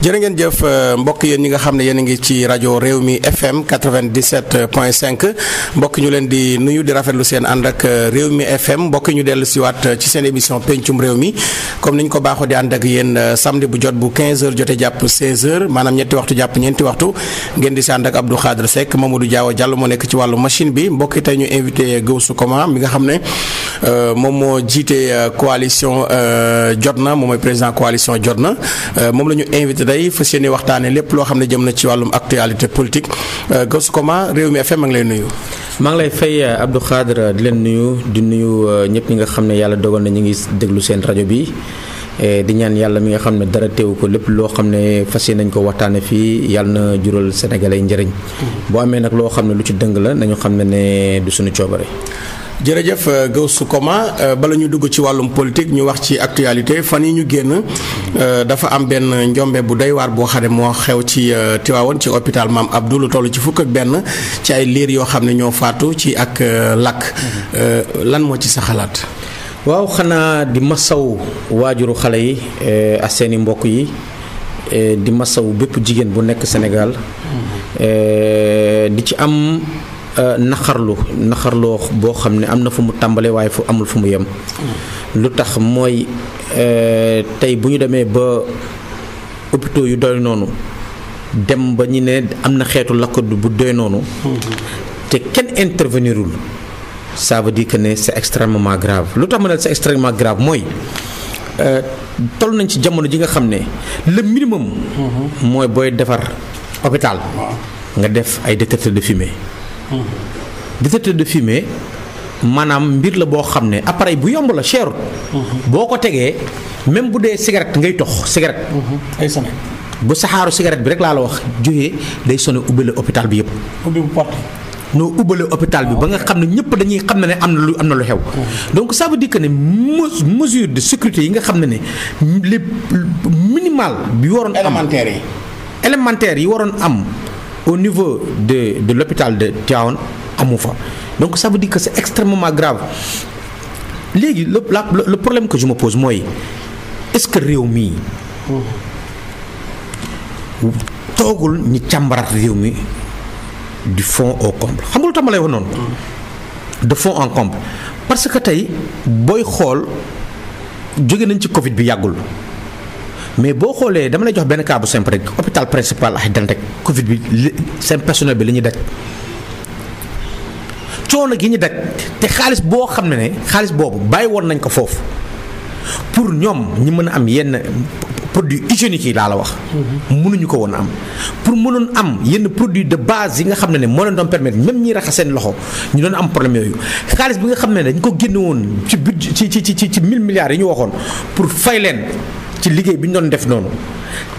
jërë ngeen jëf euh, mbokk yéen ñi nga xam ne yéen a ngi ci rajo réew mi FM 97.5 mbokk ñu leen di nuyu di rafetlu seen ànd ak euh, réew FM mbokk ñu dellu siwaat euh, ci seen émission pencum réew mi comme ni ko baaxoo di ànd ak yéen samedi bu jot bu 15h jotee jàpp 16h maanaam ñetti waxtu jàpp ñeenti waxtu ngeen di si ànd ak Abdou moom Seck Mamadou Diaw Diallo moo nekk ci wàllu machine bi mbokki tey ñu invité Gaoussou comment mi nga xam ne moom moo jiite coalition na moom mooy président jot na moom la invité. day fas yéene waxtaane lépp loo xam ne jëm na ci wàllum actualité politique euh, Gaoussou Koma réew mi FM maa ngi lay nuyu. maa ngi lay fay euh, Abdou Khadre di leen nuyu di nuyu euh, ñëpp ñi nga xam ne yàlla dogal na ñu ngi déglu seen rajo bi. di ñaan yàlla mi nga xam ne dara teewu ko lépp loo xam ne fas yéene nañ ko waxtaane fii yàlla na jural sénégalais njëriñ. Mm-hmm. boo amee nag loo xam ne lu ci dëng la nañu xam ne ne du suñu coobare. jërëjëf euh, Gaoussou Koma euh, bala ñu dugg ci wàllum politique ñu wax ci actualité fan yi ñu génn euh, dafa am benn njombe bu doy waar boo xam ne moo xew ci Tiwaawoon ci hôpital Maam ab lu toll ci fukk ak benn ci ay liir yoo xam ne ñoo faatu ci ak lakk lan moo ci sa xalaat. waaw xanaa di masaw waajuru xale yi ak seeni mbokk yi di masaw bépp jigéen bu nekk Sénégal mm-hmm. di ci am. Euh, naxarlu naxarloo boo xam ne am na fu mu tàmbale waaye fu amul fu mu yem lu tax mooy euh, tey bu ñu demee ba hôpitaux yu doy noonu dem ba ñu ne am na xeetu lakkadu bu doy noonu te kenn intervenirul ça veut dire que ne c'est extrêmement grave lu tax ma ne c'est extrêmement grave mooy euh, toll nañ ci jamono ji nga xam ne le minimum mhm. mooy booy defar hôpital nga def ay détecteur de fumée détecteur de fumée maanaam mbir la boo xam ne appareil bu yomb la cherut. boo ko tegee même bu dee cigarette ngay tox cigarette. bu saxaaru cigarette bi rek laa la wax jógee day sonné ubbale hôpital bi yëpp. bu porte. noo ubbale hôpital bi ba nga xam ne ñëpp dañuy xam ne ne am na lu am na lu xew. donc ça veut dire que ne mesure de sécurité yi nga xam ne ne les minimal bi waroon am élémentaire yi waroon am. au niveau de de l'hôpital de Tivaouane amu fa donc ça veut dire extremement c'est grave léegi le la le problème que je pose mooy est-ce que réew mii toogul ni càmbaraat réew mi du fond au comble xam nga lu tax wax noonu. de fond en comble parce que tey booy xool jóge nañ ci Covid bi yàggul. mais boo xoolee dama lay jox benn cas bu simple rek hôpital principal ay den rek Covid bi li seen personnel bi li ñu daj coono gi ñu daj te xaalis boo xam ne ne xaalis boobu bàyyi woon nañ ko foofu pour ñoom ñu mën a am yenn produit hygiénique yi laa la wax. mënuñu ko woon am pour mënoon am yenn produit de base yi nga xam ne ne moo leen doon permettre même ñiy raxas seen loxo ñu doon am problème yooyu xaalis bi nga xam ne dañ ko génne woon ci budget ci ci ci ci mille milliards yi ñu waxoon pour fay leen. ci liggéey bi ñu doon def noonu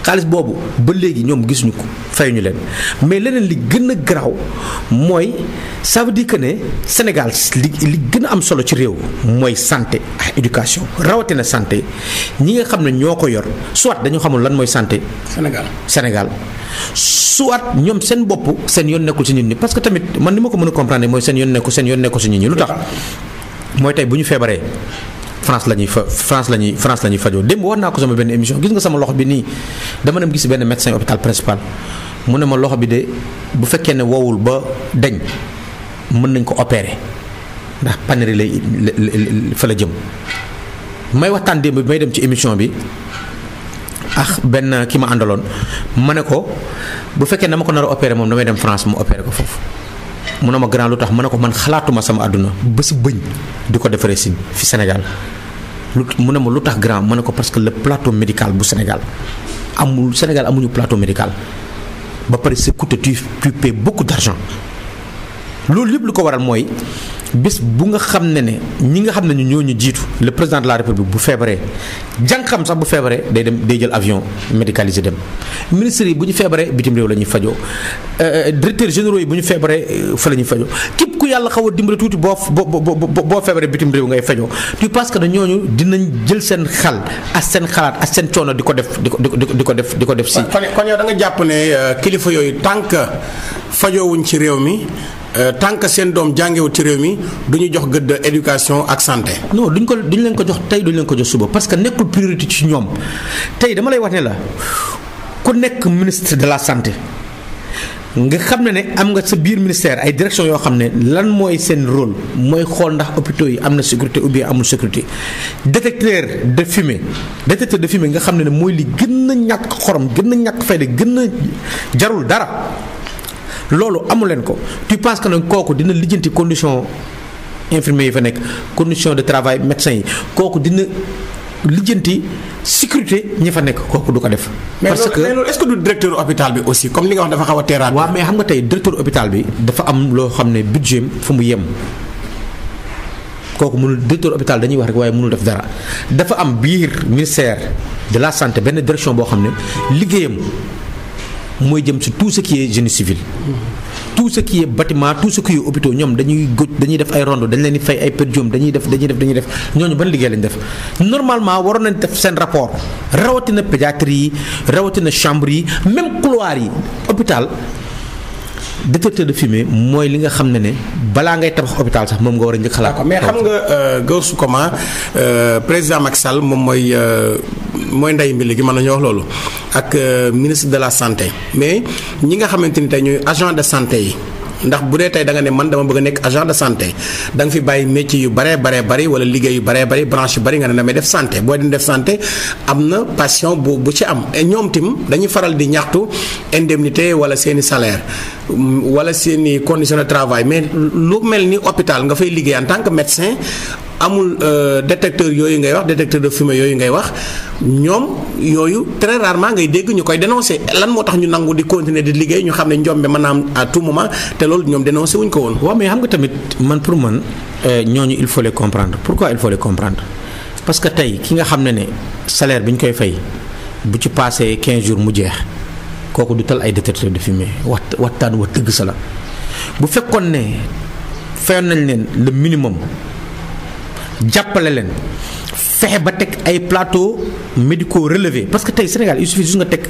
xaalis boobu ba léegi ñoom gisuñu ko fayuñu leen mais leneen li gën a garaaw mooy ça veut que ne Sénégal li li gën a am solo ci réew mooy santé ak éducation rawatina santé ñi nga xam ne ñoo ko yor soit dañu xamul lan mooy santé. Sénégal Sénégal soit ñoom seen bopp seen yoon nekkul si nit ñi parce que tamit man ni ma ko mën a comprendre mooy seen yoon nekkul seen yoon nekkul si nit ñu lu tax mooy tey bu ñu feebaree. France la ñuy fa France la ñuy France la ñuy fajoo démb war naa ko sama benn émission gis nga sama loxo bi nii dama dem gis benn médecin hôpital principal mu ne ma loxo bi de bu fekkee ne wowul ba dañ mën nañ ko opérer ndax paneri lay fa la jëm may waxtaan démb bi may dem ci émission bi ak benn ki ma àndaloon ma ne ko bu fekkee dama ko nar a opérer moom damay dem France mu opérer ko foofu. mu ne ma grand lu tax ma ne ko man xalaatuma sama àdduna bés bëñ di ko defaree si fi Sénégal lu mu ne ma lu tax grand ma ne ko parce que le plateau médical bu Sénégal amul Sénégal amuñu plateau médical ba pare c'est coûteux tu tu paies d'argent loolu yëpp lu ko waral mooy bés bu nga xam ne ne ñi nga xam ne ñu ñoo ñu jiitu le président de la république bu feebaree jàng xam sax bu feebaree day dem day jël avion médicalisé dem ministres yi bu ñu feebaree bitim réew la ñuy fajoo euh, directeurs généraux yi bu ñu feebaree euh, fa la ñuy fajoo képp ku yàlla xaw a dimbali tuuti boo boo boo feebaree bitim réew ngay fajoo tu parce que ne ñooñu dinañ jël seen xel ak seen xalaat ak seen coono di ko def di ko di ko def di ko def si. kon yow da jàpp ne euh, kilifa yooyu tànk fajowuñ ci réew mi. Euh, tant que seen doom jàngewut ci réew mi du ñu jox gëdd éducation ak santé. non duñ ko duñu leen ko jox tey duñ leen ko jox suba parce que nekkul priorité ci ñoom tey dama lay wax ne la ku nekk ministre de la santé. nga xam ne ne am nga sa biir ministère ay direction yoo xam ne lan mooy seen role mooy xool ndax hôpitaux yi am na sécurité ou amul sécurité détecteur de fumée détecteur de fumée nga xam ne ne mooy li gën a ñàkk xorom gën a ñàkk fayda gën a jarul dara loolu amu leen ko tu penses que nag kooku dina lijjanti condition infirmiers yi fa nekk condition de travail médecins yi kooku dina lijjanti sécurité ñi fa nekk kooku du ko def. parce que mais loolu est-ce que du directeur hôpital bi aussi comme li nga wax dafa xaw a teeraat. waaw mais xam nga tey directeur hôpital bi dafa am loo xam ne budget fu mu yem. kooku mënul directeur hôpital dañuy wax rek waaye mënul def dara dafa am biir ministère de la santé benn direction boo xam ne liggéeyam. mooy jëm si tout ce qui est génie civil. tout ce qui est bâtiment tout ce qui ñoom dañuy goj dañuy def ay rondo dañ leen di fay ay per diem dañuy def dañuy def dañuy def ñooñu ban liggéey lañ def normalement waroon nañ def seen rapport rawatina pédiatrie yi rawatina chambre yi même couloir yi hôpital. détecteur de fumée mooy li nga xam ne ne balaa ngay tabax hôpital sax moom nga war a njëkk xalaat. mais xam nga euh, Gaoussou Koma euh, président Macky Sall moom mooy euh, mooy ndey mbi léegi mën nañu wax loolu ak ministre de la santé mais ñi nga xamante ni tey ñooy agent de santé yi. ndax bu dee tey da nga ne man dama bëgg a nekk agent de santé da nga fi bàyyi métier yu baree baree bari wala liggéey yu baree bari branche yu bari nga ne damay def santé boo dina def santé am na passion bu bu ci am ñoom tim dañuy faral di ñaxtu indemnité wala seeni salaire wala seeni condition de travail mais lu mel ni hôpital nga fay liggéey en tant que médecin amul euh, détecteur yooyu ngay wax détecteur de fume yooyu ngay wax ñoom yooyu très maa ngay dégg ñu koy dénoncé lan moo tax ñu nangu di continuer di liggéey ñu xam ne njombe mën naa am tout moment te loolu ñoom dénoncé wuñ ko woon. waaw mais xam nga tamit man pour man euh, ñooñu il faut les comprendre pourquoi il faut les comprendre parce que tey ki nga xam ne ne salaire bi ñu koy fay bu ci passé 15 jours mu jeex. kooku du tal ay détecteur de fumée wax waxtaan wa dëgg sa la bu fekkoon ne fayoon nañ leen le minimum jàppale leen fexe ba teg ay plateau médicaux relevé parce que tey Sénégal il suffit juste nga teg.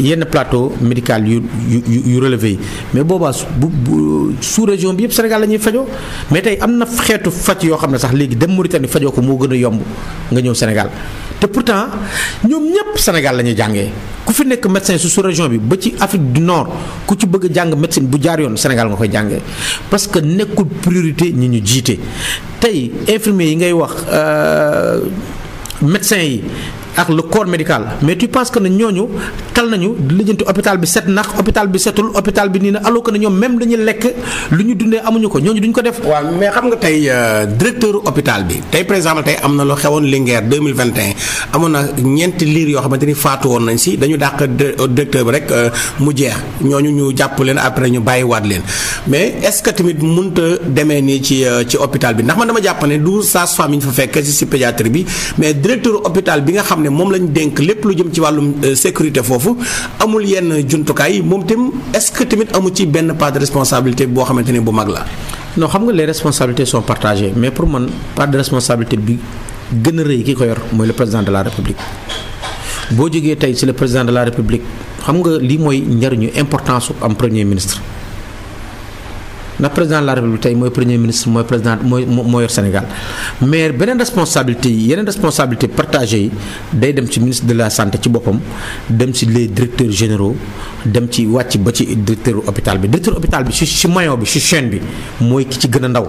yenn plateau médical yu yu yu relevé yi mais boobaa bu bu sous région bi yëpp Sénégal lañuy ñuy fajoo mais tey am na xeetu faj yoo xam ne sax léegi dem Mauritanie fajoo ko moo gën a yomb nga ñëw Sénégal te pourtant ñoom ñëpp Sénégal lañuy jàngee ku fi nekk médecin su sous région bi ba ci Afrique du Nord ku ci bëgg a jàng médecine bu jaar yoon Sénégal nga koy jàngee parce que nekkul priorité ñi ñu jiite tey infirmier yi ngay wax euh, médecin yi. ak le corps médical mais tu penses que ne ñooñu tal nañu lijjanti hôpital bi set nax hôpital bi setul hôpital bi nii na alors que ne ñoom même dañu lekk lu ñu dundee amuñu ko ñooñu duñ ko def. waaw mais xam nga tey euh, directeur hôpital bi tey par exemple tey am na lu xewoon Linguère 2021 amoon na ñeenti liir yoo xamante ni faatu woon nañ si dañu dàq directeur bi rek euh, mu jeex ñooñu ñu jàpp leen après ñu bàyyiwaat leen mais est-ce que tamit mënut demee nii ci euh, ci hôpital bi ndax man dama jàpp ne du saa fekk si si pédiatrie bi mais directeur bi nga xam xam ne moom lañu dénk lépp lu jëm ci wàllum euh, sécurité foofu amul yenn jumtukaay moom dem est-ce que amu ci benn part de responsabilité boo xamante ne bu mag la. non xam nga les responsabilités sont partagées mais pour man part de responsabilité bi gën a rëy ki ko yor mooy le président de la république boo jógee tey ci le président de la république xam nga lii mooy njariñu importance am premier ministre. ndax président de la république tey mooy premier ministre mooy président mooy moo yor Sénégal mais beneen responsabilité yi yeneen responsabilité partagée yi day dem ci ministre de la santé ci boppam dem ci les directeurs généraux dem ci wàcc ba ci directeur hôpital bi directeur hôpital bi ci ci bi ci chaîne bi mooy ki ci gën a ndaw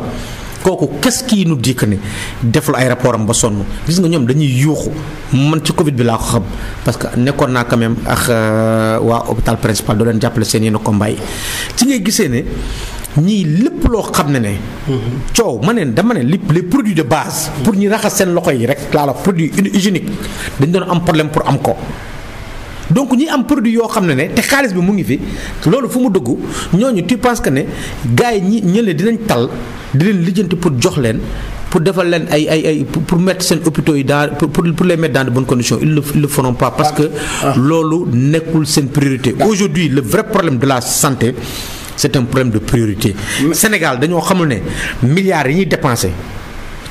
kooku kes kii nu nous ni que def la ay rapport am ba sonn gis nga ñoom dañuy yuuxu man ci Covid bi laa ko xam parce que nekkoon naa quand même ak euh, waa hôpital principal leen jàppale seen yenn combat yi ci ngay gisee ne ñii lépp loo xam ne ne. coow ma neen dama ne li les produit de base. pour ñu raxas seen loxo yi rek laa la produit hygiénique dañ doon am problème pour am ko. donc ñi am produit yoo xam ne ne te xaalis bi mu ngi fi loolu fu mu dugg ñooñu tu penses que ne gars yi ñi ñële dinañ tal di leen lijjanti pour jox leen pour defal leen ay ay ay pour mettre seen hôpitaux yi dans pour pour les mettre dans de bonnes conditions ils ne le feront pas parce ah. que ah. loolu nekkul seen priorité ah. le vrai problème de la santé c'est un problème de priorité. Sénégal dañoo xamul ne milliards yi ñuy dépensé.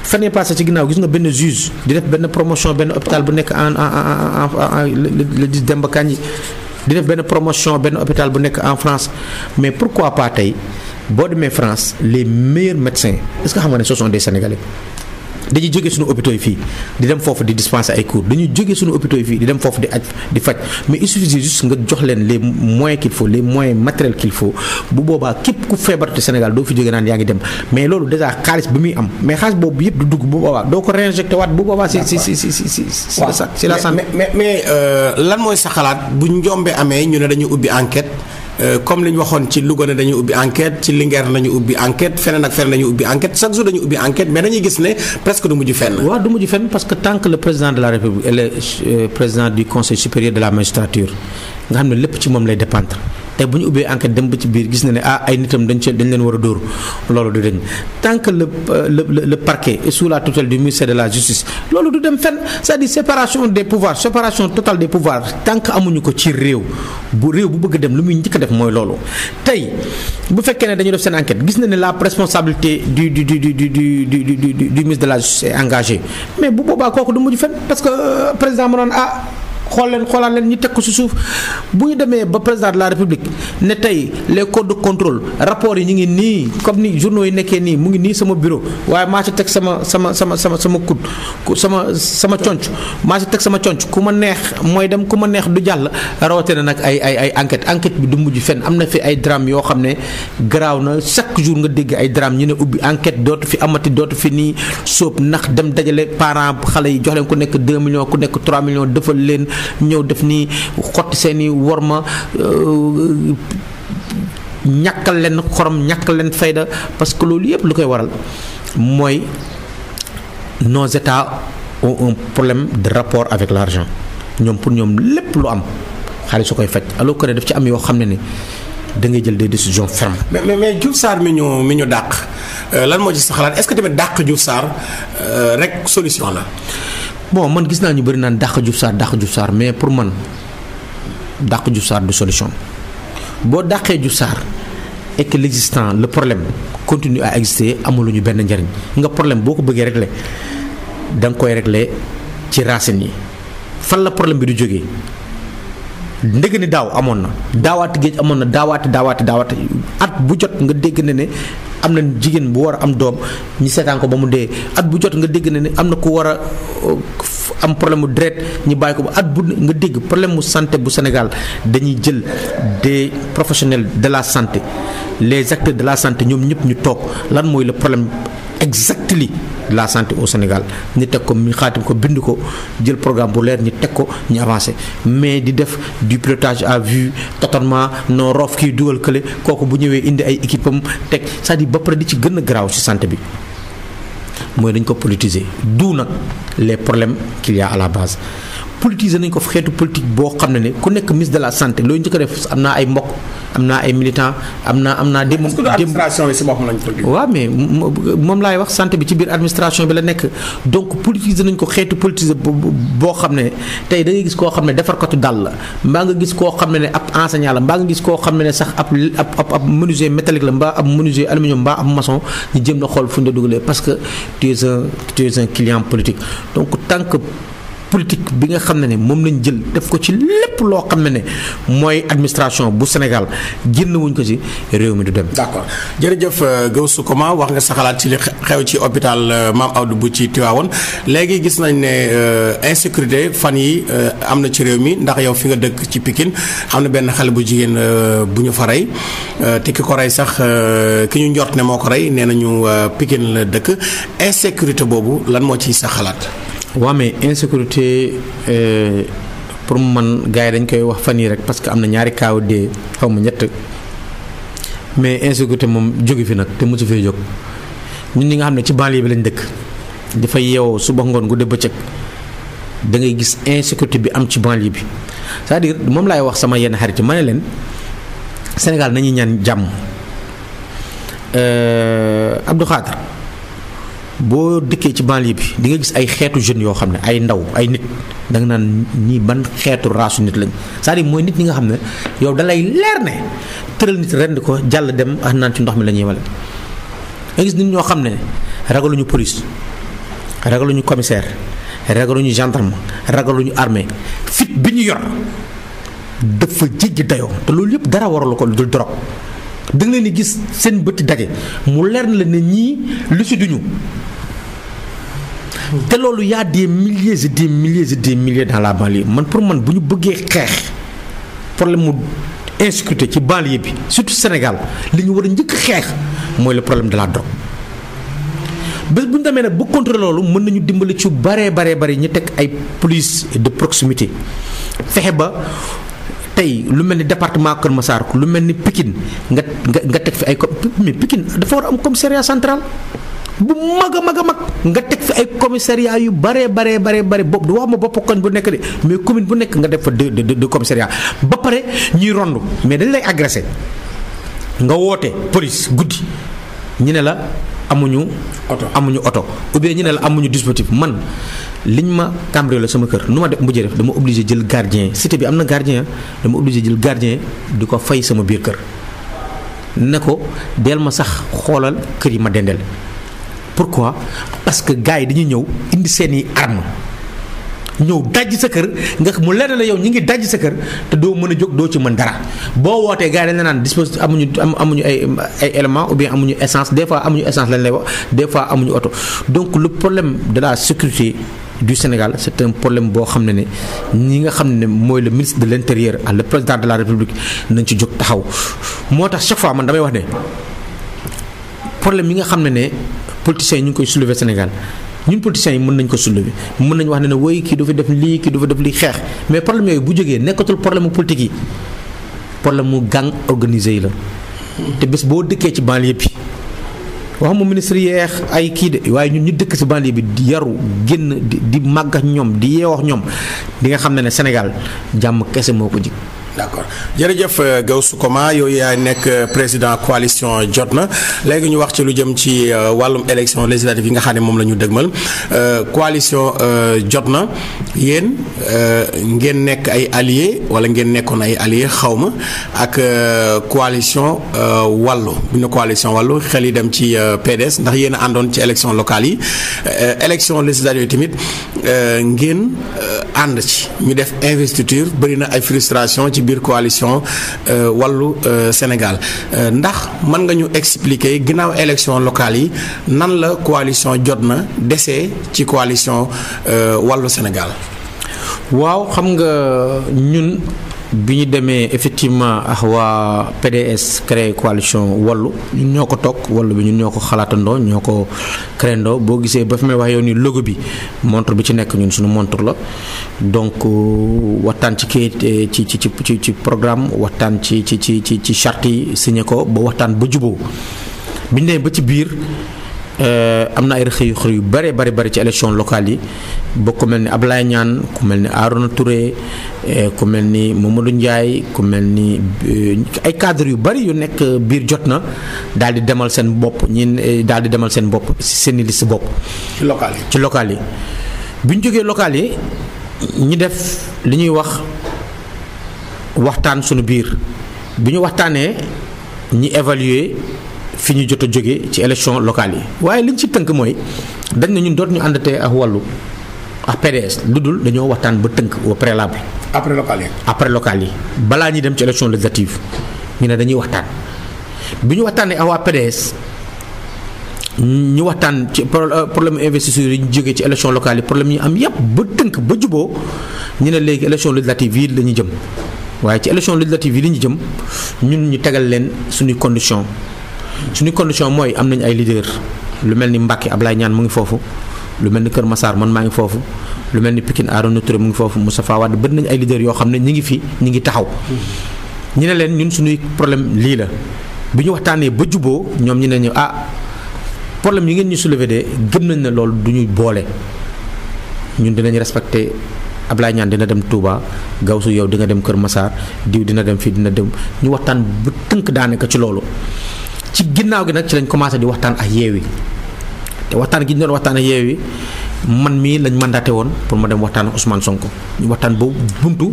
fan yii ci ginnaaw gis nga benn juge di benn promotion benn hôpital bu nekk en en en en le Demba Kandji benn promotion benn hôpital bu nekk en France mais pourquoi pas tey boo demee France les meilleurs médecins est-ce que xam nga ne ce sont des Sénégalais. dañuy jóge suñu hôpitaux fii di dem foofu di dispenser ay cours dañuy jóge suñu hôpitaux yi fii di dem foofu di aj di faj mais il suffit juste nga jox leen les moyens qu'il faut les moyens matériels bu boobaa képp ku feebaratu Sénégal doo fi jóge naan yaa ngi dem mais loolu déjà xaalis bi muy am mais xaalis boobu yëpp du dugg bu boobaa doo ko réinjecté waat bu boobaa si si si si si si si la santé mais mais lan mooy sa xalaat bu njombee amee ñu ne dañu ubbi enquête Euh, comme li ñu waxoon ci Louga ne dañuy ubbi enquête ci Linguère nañu ubbi enquête feneen ak feneen dañuy ubbi enquête chaque jour dañuy ubbi enquête mais dañuy gis ne presque du mujj fenn. waaw du mujj fenn parce que tant que le président de la République et euh, euh, président du conseil supérieur de la magistrature nga xam ne lépp ci moom lay dépendre. tey bu ñu ubbee enquête dem ba ci biir gis na ne ah ay nitam dañ cee dañ leen war a dóor loolu du dañ tant que le le le parquet est sous la tutelle du ministère de la justice loolu du dem fenn c'est-à-dire séparation des pouvoirs séparation totale des pouvoirs tant que amuñu ko ci réew bu réew bu bëgg dem lu muy njëkk def mooy loolu tey bu fekkee ne dañu def seen enquête gis na ne la responsabilité du du du du du du du du du ministre de la justice est engagée mais bu boobaa kooku du que euh, président ma noon xool leen xoolaat leen ñu teg ko si suuf bu ñu demee ba président de la république ne tey les codes de contrôle rapport yi ñu ngi nii comme ni journaux yi nekkee nii mu ngi nii sama bureau waaye maa ci teg sama sama sama sama sama kut sama sama conc maa si teg sama conc ku ma neex mooy dem ku ma neex du jàll rawatina nag ay ay ay enquête enquête bi du mujj fenn am na fi ay drame yoo xam ne garaaw na chaque jour nga dégg ay drame ñu ne ubbi enquête dootu fi amati dootu fi nii sóob ndax dem dajale parents xale yi jox leen ku nekk 2 millions ku nekk 3 millions defal leen ñëw def ni xotti seeni worma euh, ñàkkal leen xorom ñàkkal leen fayda parce que loolu yëpp lu koy waral mooy nos états ont un problème de rapport avec l'argent ñoom pour ñoom lépp lu am xaalis su koy faj aloo que ne daf ci am yoo xam ne ni da ngay jël des décisions fermes. mais mais mais Diouf Sarr mi ñu mi ñu dàq euh, lan moo ci sa xalaat est-ce que tamit dàq Diouf Sarr euh, rek solution la. bon man gis naa ñu bëri naan dàq Diouf Sarr dàq Diouf Sarr mais pour man dàq ju Sarr du solution boo dàqee ju Sarr et que l'existant le problème continue à exister amuluñu benn njariñ nga problème boo ko bëggee régler da koy régler ci racines yi fan la problème bi du jógee ndëgg ni daaw amoon na daawaati géej amoon na daawaati daawaati daawaati at bu jot nga dégg ne ne am na jigéen bu war a am doom ñu seetaan ko ba mu dee at bu jot nga dégg na ne am na ku war a uh, am problème mu deret ñu bàyyi ko ba at bu nga dégg problème mu santé bu Sénégal dañuy jël des professionnels de la santé les acteurs de la santé ñoom ñëpp ñu toog lan mooy la problème. li la santé au Sénégal ñu teg ko ñu xaatim ko bind ko jël programme bu leer ñu teg ko ñu avancé mais di def di pilotage à vu tâtonnement non roof kii dugal kële kooku bu ñëwee indi ay équipe teg c'est-à-dire di ci gën a garaaw ci santé bi mooy dañ ko politiser du nag les problèmes qu'il à la base politiser nañ ko fi xeetu politique boo xam ne ne ku nekk ministre de la santé looy njëkk a def am naa ay mbokk am naa ay militant am naa am naa. démb administration bi si boppam mais moom laay wax santé bi ci biir administration bi la nekk donc politiser nañ ko xeetu politiser boo xam ne tey da gis koo xam ne defarkatu dàll la mbaa nga gis koo xam ne ne ab enseignant la mbaa nga gis koo xam ne ne sax ab ab ab menuisier métallique la mbaa ab menuisier aluminium mbaa ab maçon ñu jëm na xool fu ñu la dugalee parce que tu es un politique donc politique bi nga xam ne ni moom lañu jël def ko ci lépp loo xam ne ne mooy administration bu Sénégal génn wuñ ko ci réew mi du dem. d'accord jërëjëf euh, Gaoussou Koma wax nga sa xalaat ci li xew ci hôpital euh, Mame Abdou bu ci Tivaouane léegi gis nañ ne euh, insécurité fan yi am na ci réew mi ndax yow fi nga dëkk ci pikin am na benn xale bu jigéen bu ñu fa rey te ki ko rey sax ki ñu njort ne moo ko rey nee nañu Pikine la dëkk insécurité boobu lan moo ciy sa xalaat. waa mais insécurité euh, pour mu man gars yi dañ koy wax fan yii rek parce que am na ñaari kaaw dee xaw ma ñett mais insécurité moom jóge fi nag te mosu fee jóg ñun ñi nga xam ne ci banlieue bi lañ dëkk dafa yeewoo suba ngoon gudde bëccëg da ngay gis insécurité bi am ci banlieue bi cest à moom laay wax sama yenn xarit ma ne leen Sénégal nañuy ñaan jàmm euh, Abdou Khadre boo dëkkee ci banlieue bi di nga gis ay xeetu jeunes yoo xam ne ay ndaw ay nit danga nga naan ñii ban xeetu raasu nit lañ cest à mooy nit ñi nga xam ne yow dalay lay leer ne tëral nit rend ko jàll dem ak ah naan ci ndox mi lañuy ñuy wale nga gis nit ñoo xam ne ragaluñu police ragaluñu commissaire ragaluñu gendarme ragaluñu armée fit bi ñu yor dafa jéggi dayoo te loolu yëpp dara waralu ko du dorog da nga leen di gis seen bëtti daje mu leer na la ne ñii lu si duñu te loolu y a des milliers et des milliers et des milliers dans la banlieue man pour man bu ñu bëggee xeex problème mu insécurité ci banlieue bi surtout Sénégal li ñu war a njëkk xeex mooy le problème de la drogue bés bu ñu demee nag bu contrôler loolu mën nañu dimbali ci baree baree bari ñu teg ay police de proximité fexe ba tey lu mel ni département Kër ko lu mel ni Pikine nga nga nga teg fi ay co mais Pikine dafa war a am commissariat central. bu mag a mag a mag nga teg fi ay commissariat yu baree baree baree bare bopp du wax ma bopp koñ bu nekk de mais commune bu nekk nga def fa deux deux commissariat ba pare ñuy rond mais dañ lay agressé nga woote police guddi ñu ne la amuñu oto amuñu oto ou bien ñu ne la amuñu dispositif man liñ ma cambriolé sama kër nu ma def mujjee def dama obligé jël gardien cité bi am na gardien dama obligé jël gardien di ko fay sama biir kër ne ko del ma sax xoolal kër yi ma dendeel pourquoi parce que gars yi dañuy ñëw indi seeni arme ñëw dajj sa kër nga mu leer la yow ñi ngi dajj sa kër te doo mën a jóg doo ci mën dara boo wootee gars yi dañ la naan dispositif amuñu amuñu ay ay éléments ou bien amuñu essence des fois amuñu essence lañ lay wax des fois amuñu oto donc le problème de la sécurité du Sénégal c'est un problème boo xam ne ne ñi nga xam ne mooy le ministre de l'intérieur ak ah, le président de la république nañ ci jóg taxaw moo tax chaque fois man damay wax ne nga xam ne ne. politiciens yi ñu ngi koy soulever Sénégal ñun politiciens yi mën nañ ko soulever mën nañu wax ne ne woy kii du fi def lii kii du fi def lii xeex mais problème yi bu jógee nekkatul problème mu politique yi problème mu gang organisé yi la te bés boo dëkkee ci banlieue bi waxuma ministre yeex ay kii de waaye ñun ñu dëkk si banlieue bi di yaru génn di màgg ñoom di wax ñoom di nga xam ne ne Sénégal jàmm kese moo ko jig d'accord jërëjëf euh, Gaoussou Koma yooyu yaay nekk euh, président coalition Jotna léegi ñu wax ci lu jëm ci euh, wàllum élection législative yi nga xam ne moom la ñu dëgmal coalition na yéen ngeen nekk ay alliés wala ngeen nekkoon ay alliés xaw ma ak coalition wàllu bu ñu coalition wàllu xel yi dem ci PDS ndax yéen a àndoon ci élection locale yi élection législative tamit ngeen ànd ci ñu def investiture bëri na ay frustration ci ci biir coalition euh, wàllu euh, Sénégal euh, ndax mën nga ñu expliquer ginnaaw élection locale yi nan la coalition jot na desee ci coalition wallu Sénégal waaw xam nga ñun bi ñu demee effectivement ak waa PDS créé coalition wallu ñun ñoo ko toog wallu bi ñun ñoo ko xalaatandoo ñoo ko créendoo boo gisee ba fi may wax yow ni logo bi montre bi ci nekk ñun suñu montre la donc euh, waxtaan ci kii euh, ci ci ci ci programme waxtaan ci ci ci ci ci charte yi signé ko ba waxtaan ba juboo bi ñu demee ba ci biir Euh, am na ay rëq yu xër yu bare bari bari ci élection locale yi bokk mel ni Ablaye ñaan ku mel ni Arona Touré euh, ku mel ni Mamadou Ndiaye ku mel ni euh, ay cadre yu bari yu nekk biir jot na daal di demal seen bopp ñi daal di demal seen bopp seen i liste bopp. ci local yi ci local yi bi ñu jógee local yi ñi def li ñuy wax waxtaan sunu biir bi ñu waxtaanee ñi évaluer. fi ñu jot a jóge ci élection locale yi waaye liñ ci tënk mooy dañ ne ñun dootuñu àndatee ak wàllu ak PDS lu dul dañoo waxtaan ba tënk au préalable. après local yi. après local yi balaa ñuy dem ci élection législative ñu ne dañuy waxtaan bi ñu waxtaanee ak waa PDS. ñu waxtaan ci euh, problème investisseurs yi ñu jóge ci élection locale yi problème yi am yépp ba tënk ba juboo ñu ne léegi élection législative yi la ñu jëm waaye ci élection législative yi la jëm ñun ñu tegal leen suñuy condition suñu condition mooy am nañu ay leader lu mel ni ab Ablaye ñaan mu ngi foofu lu mel ni Kër masaar man maa ngi foofu lu mel ni Pikine Arona Touré mu ngi foofu Moustapha Wade bëri nañu ay leader yoo xam ne ñi ngi fi ñi ngi taxaw ñu ne leen ñun suñuy problème lii la bi ñu waxtaanee ba juboo ñoom ñu ne ñu ah problème yi ngeen ñu soulevé de gëm nañ ne loolu du ñu boole ñun dinañ respecté Ablaye Niane dina dem Touba su yow di nga dem Kër Massar diw dina dem fii dina dem ñu waxtaan ba tënk daanaka ci loolu ci ginnaaw gi nag ci lañ commencé di waxtaan ak Yewwi te waxtaan gi ñu doon waxtaan ak Yewwi man mii lañ mandaté woon pour ma dem waxtaan ak Ousmane Sonko ñu waxtaan boobu buntu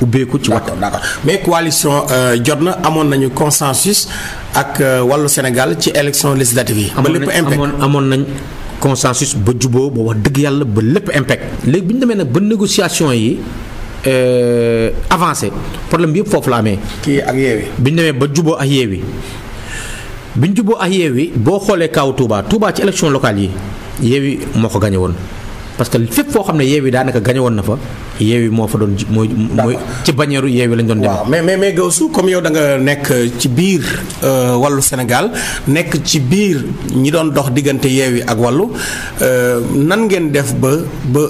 ubbeeku ci waxtaan. d'accord mais coalition euh, jot na amoon nañu consensus ak euh, wàllu Sénégal ci élection législative yi. ba lépp impec amoon amoon nañ consensus ba juboo ba wax dëgg yàlla ba lépp impec. léegi bi ñu demee nag ba négociation yi. Euh, avancé problème bi yëpp foofu la amee. kii ak Yewwi. bi ñu demee ba juboo ak yi biñ juboo ak Yewwi boo xoolee kaaw Touba Touba ci élection locale yi Yewwi moo ko gañe woon parce que fépp foo xam ne yeewi daanaka gañe woon na fa yi moo fa doon mooy mooy ci bañeeru yeewi lañ doon dem mais mais mais Gaoussou comme yow nga nekk ci biir euh, wàllu Sénégal nekk ci biir ñi doon dox diggante yeewi ak wàllu euh, nan ngeen def ba ba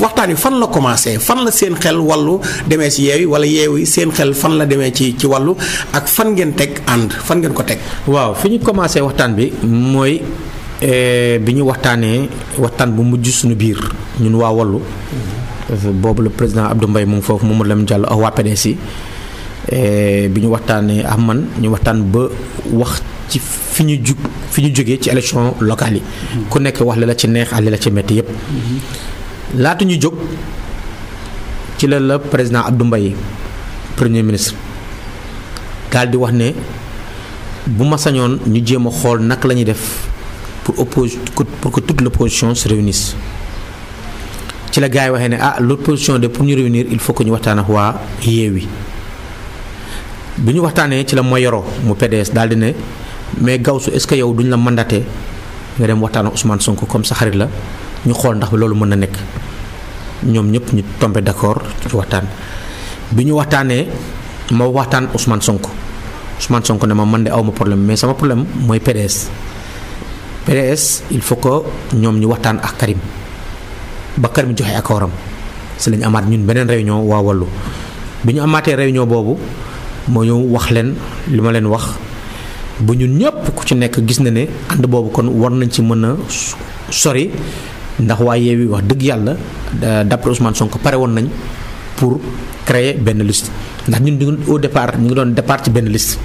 waxtaan wi fan la commencé fan la seen xel wàllu demee ci yeewi wala yi seen xel fan la demee ci ci wàllu ak fan ngeen teg ànd fan ngeen ko teg waaw fi ñu commencé waxtaan bi mooy Eh, bi ñu waxtaanee waxtaan bu mujj suñu biir ñun waa wallu boobu la président Abdou mbay moom ngi foofu Mamadou Lamine Diallo ak waa PDS yi eh, bi ñu waxtaanee ak man ñu waxtaan ba wax ci fi ñu jug fi ñu jógee ci élection locale yi. ku nekk wax li la ci neex la ci metti yépp laata ñu jóg ci la la président Abdou mbay premier ministre daal di wax ne bu ma sañoon ñu jéem a xool naka la def. pour oppose pour que toute l'opposition se réunisse ci la gars yi waxee ne ah l'opposition de pour ñu réunir il faut que ñu waxtaan ak waa yi bi ñu waxtaanee ci la yoro mu PDS daal di ne mais Gaoussou est-ce que yow duñu la mandaté nga dem waxtaan ak Ousmane Sonko comme sa la ñu xool ndax loolu mën na nekk ñoom ñëpp ñu tombé d'accord ci waxtaan bi ñu waxtaanee ma waxtaan Ousmane Sonko Ousmane Sonko ne ma man de awma problème mais sama problème mooy PDS. PDS il faut que ñoom ñu waxtaan ak Karim ba Karim joxe akooram si lañu amaat ñun beneen réunion waa Wallu bi ñu amaatee réunion boobu moo ñëw wax leen li ma leen wax bu ñun ñëpp ku ci nekk gis na ne ànd boobu kon war nañ ci mën a sori ndax waa Yewwi wax dëgg yàlla d'après Ousmane Sonko pare woon nañ pour créer benn liste ndax ñun au départ ñu ngi doon départ ci benn liste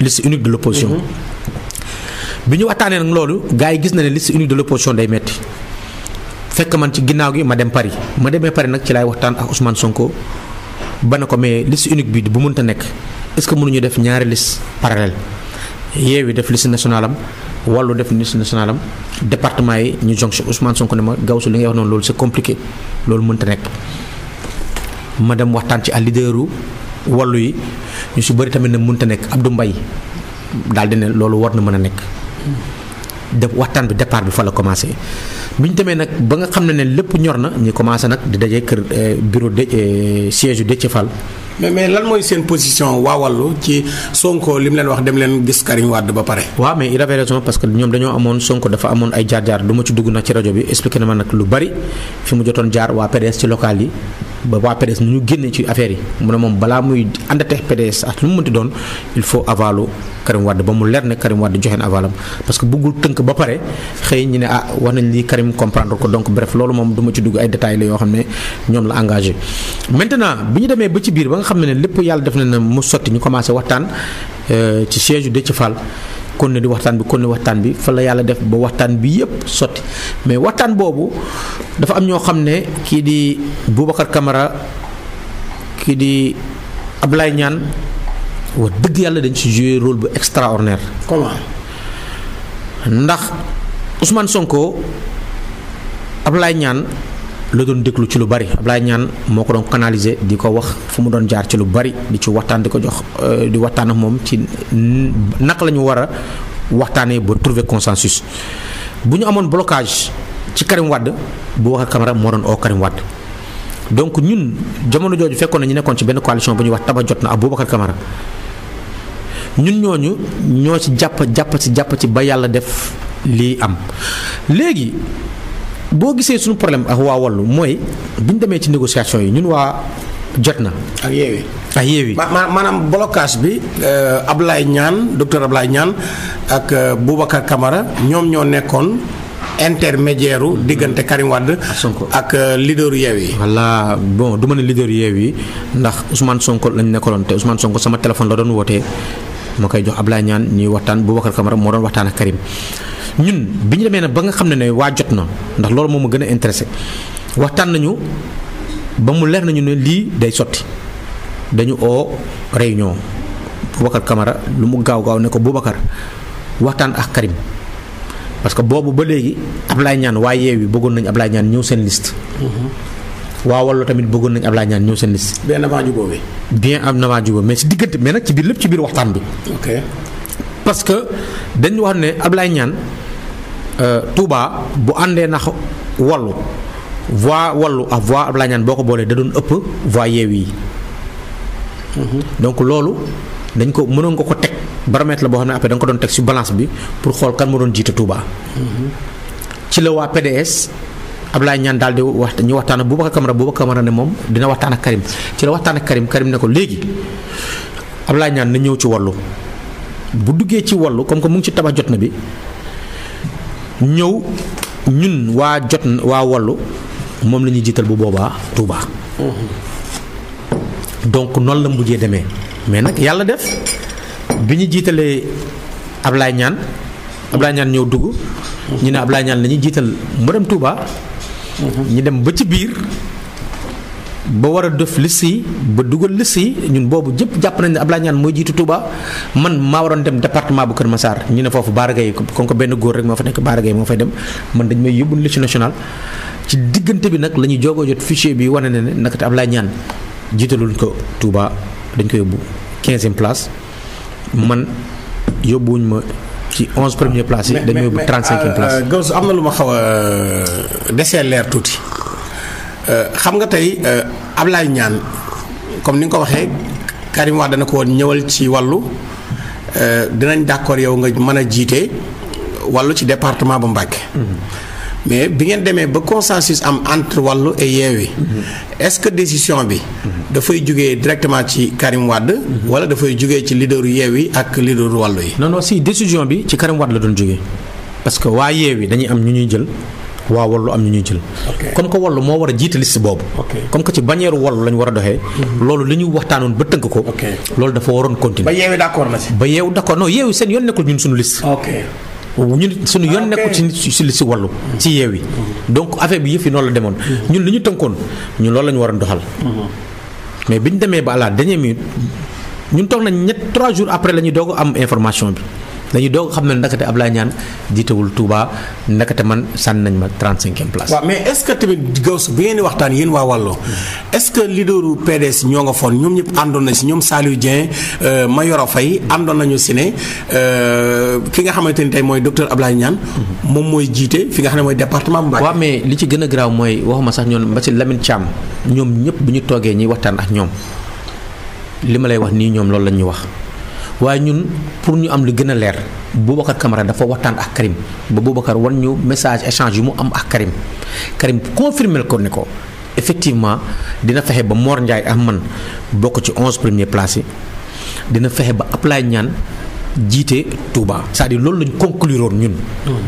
liste unit de l'opposition. Mm-hmm. bi ñu waxtaanee nag loolu gars yi gis na ne liste unique de l'opposition day metti fekk man ci ginnaaw gi ma dem Paris ma demee Paris nag ci laay waxtaan ak Ousmane Sonko ba ne ko mais liste unique bi bu mënta nekk est-ce que mënuñu def ñaari liste parallèle Yewwi def liste nationale am Wallu def liste nationale am département yi ñu jonc Ousmane Sonko ne ma Gaoussou li ngay wax noonu loolu c'est compliqué loolu mënta nekk ma dem waxtaan ci ak leaderu Wallu yi ñu si bëri tamit ne mënta nekk Abdou Mbaye daal di ne loolu war na mën a nekk de waxtaan bi départ bi fa la commencé bi ñu demee nag ba nga xam ne ne lépp ñor na ñu commencé nag di dajee kër euh, bureau de euh, siège yu Déthié Fall mais mais lan mooy seen position waa wàllu ci Sonko li mu leen wax dem leen gis Karim Wade ba pare. waaw mais il avait parce que ñoom dañoo amoon Sonko dafa amoon ay jaar-jaar du ma ci dugg nag ci rajo bi expliqué na ma nag lu bari fi mu jotoon jaar waa PDS ci local yi. ba waa PDS nu ñu génne ci affaire yi mu ne moom balaa muy àndateex PDS ak lu mu mënti doon il faut avalu Karim Wade ba mu leer ne Karim Wade joxe na avalam parce que bëggul tënk ba pare xëy ñu ne ah wax nañ li Karim comprendre ko donc bref loolu moom du ma ci dugg ay détails la yoo xam ne ñoom la engagé. maintenant bi ñu demee ba ci biir ba nga xam ne lépp yàlla def na ne mu sotti ñu commencé waxtaan euh, ci siège de Déthié Fall kon ne di waxtaan bi kon ne waxtaan bi fa la yàlla def ba waxtaan bi yëpp sotti mais waxtaan boobu dafa am ñoo xam ne kii di Boubacar kamara kii di Ablaye Niane wax dëgg yàlla dañ ci jouer rôle bu extraordinaire. comment ndax Ousmane Sonko ab lay ñaan la doon déglu ci lu bari Ablaye ñaan moo ko doon canaliser di ko wax fu mu doon jaar ci lu bari di ci waxtaan di ko jox euh, di waxtaan ak moom ci nak la ñu war a waxtaanee ba trouver consensus bu ñu amoon blocage ci Karim wàdd bu wax ak Camara moo doon oo Karim Wade donc ñun jamono jooju fekkoon na ñu nekkoon ci benn coalition bu ñuy wax taba jot na ak Boubacar Camara ñun ñooñu ñoo ci jàpp jàpp ci jàpp ci ba yàlla def lii am léegi. boo gisee suñu problème ak waaw wàllu mooy bi ñu demee ci négociation yi ñun waa jot na. ak yeewi ak yeewi. maanaam blocage bi euh, ab ñaan Niane docteur Ablaye ñaan ak euh, Boubacar kamara ñoom ñoo nekkoon. intermédiaire diggante Karim Wade. Sonko ak euh, leader yi voilà bon du ma ne leader yi ndax Ousmane Sonko lañ nekkaloon te Ousmane Sonko sama téléphone la doon wootee ma koy jox Ablaye Niane ñuy waxtaan Boubacar Camara moo doon waxtaan ak Karim. ñun bi ñu demee ne ba nga xam ne ne waa jot na ndax loolu moom ma gën a intéressé waxtaan nañu ba mu leer nañu ne lii day sotti dañu oo réunion Boubacar Camara lu mu gaaw gaaw ne ko Boubacar waxtaan ak Karim parce que boobu ba léegi Ablaye Niane waa yeew yi bëggoon nañu Ablaye ñaan ñëw seen liste. Mm-hmm. waa Wallu tamit bëggoon nañu Ablaye ñaan ñëw seen liste. bien avant jubóo bi. bien avant jubóo mais si diggante mais nag ci biir lépp ci biir waxtaan bi. ok parce que dañu wax ne Ablaye Niane. Euh, Touba bu àndee na wallu voix wallu ak voix Abdoulaye ñaan boo ko boolee da doon ëpp voix Yewwi yi mhm. donc loolu dañ ko mënoon nga ko teg baromètre la boo xam ne après da nga ko doon teg ci balance bi pour xool kan moo doon jiite Touba. Mhm. ci la waa PDS Abdoulaye ñaan daal di wax ñu waxtaan ak Boubacar Camara Boubacar Camara ne moom dina waxtaan ak Karim ci la waxtaan ak Karim Karim ne ko léegi Abdoulaye ñaan na ñëw ci wallu bu duggee ci wallu comme que mu ci tabax jot na bi. ñëw ñun waa jot waa wallu moom la ñuy jiital bu boobaa Touba. donc noonu la mujjee demee mais nag yàlla def bi ñu jiitalee laay ñaan Niane Ablaye ñaan ñëw dugg. ñu ne Ablaye Niane la ñuy jiital mu dem Touba. Mhm. ñu dem ba biir. ba war a def liste yi ba dugal liste yi ñun boobu jëpp jàpp nañ ne Ablaye Niane mooy jiitu Touba man maa waroon dem département bu Kër Massar ñu ne foofu Baara Gaye kon ko benn góor rek moo fa nekk Baara Gaye moo fay dem man dañ may yóbbu liste nationale ci diggante bi nag la ñuy joogoo jot fichier bi wane ne ne naka ab Ablaye Niane jiitaluñ ko Touba dañ ko yóbbu 15e place man yóbbuwuñ ma. ci 11 première place yi dañu yóbbu 35e euh, place. am na lu ma xaw a euh, desee leer tuuti. Euh, xam nga tey euh, Ablaye ñaan comme ni nga ko waxee Karim dana ko woon ñëwal ci wàllu euh, dinañ d'accord yow nga mën a jiite wàllu ci département bu Mbacké. Mm-hmm. mais bi ngeen demee ba consensus am entre wàllu et yeewi mm-hmm. est-ce que décision bi mm-hmm. dafay jugee directement ci Karim Wade wala dafay jugee ci leaderu yeewi ak leaderu wàllu yi non si décision bi ci Karim Wade la doon jugee parce que waa yeewi dañuy am ñu ñuy jël waa wallu am ñu ñuy jël. kon ko wallu moo war a jiite liste boobu. comme que ci bannière wallu lañ war a doxee. Mhm. loolu li ñu waxtaanoon ba tënk ko. loolu dafa waroon continuer. ba yeewu d'accord na ci. ba yeewu d'accord non mhm. mhm. bi yëf yi noonu la demoon ñun li ñu tënkoon ñun loolu la ñu war a doxal mais bi ñu demee ba à la dernière minute ñun toog nañ ñett trois jours après la ñuy doog am information bi dañuy doog xam ne ab Ablaye ñaan jiitewul Touba ndakate man sànni nañ ma trent e place. waa mais est ce que tamit Gaoussou bi ngeen di waxtaan yéen waa Wallo est ce que leaderu PDS ñoo nga foon ñoom ñëpp àndoon na si ñoom Saliou Dieng euh, Mayoro Faye àndoon nañu si ne euh, ki nga xamante ni tey mooy docteur Ablaye ñaan moom mooy jiite fi nga xam ne mooy département bu Mbacké. waaw mais li ci gën a garaaw mooy waxuma sax ñoom ba ci Lamine Thiam ñoom ñëpp bu ñu toogee ñuy waxtaan ak ñoom li ma lay wax nii ñoom loolu la ñuy wax. waaye ñun pour ñu am lu gën a leer Boubacar Camara dafa waxtaan ak Karim ba Boubacar wan ñu message échange yu mu am ak Karim Karim confirmé ko ne ko effectivement dina fexe ba Mor Ndiaye ak man bokk ci 11 premiers places yi dina fexe ba Ablaye ñaan jiite Touba cest à loolu lañ conclure woon ñun.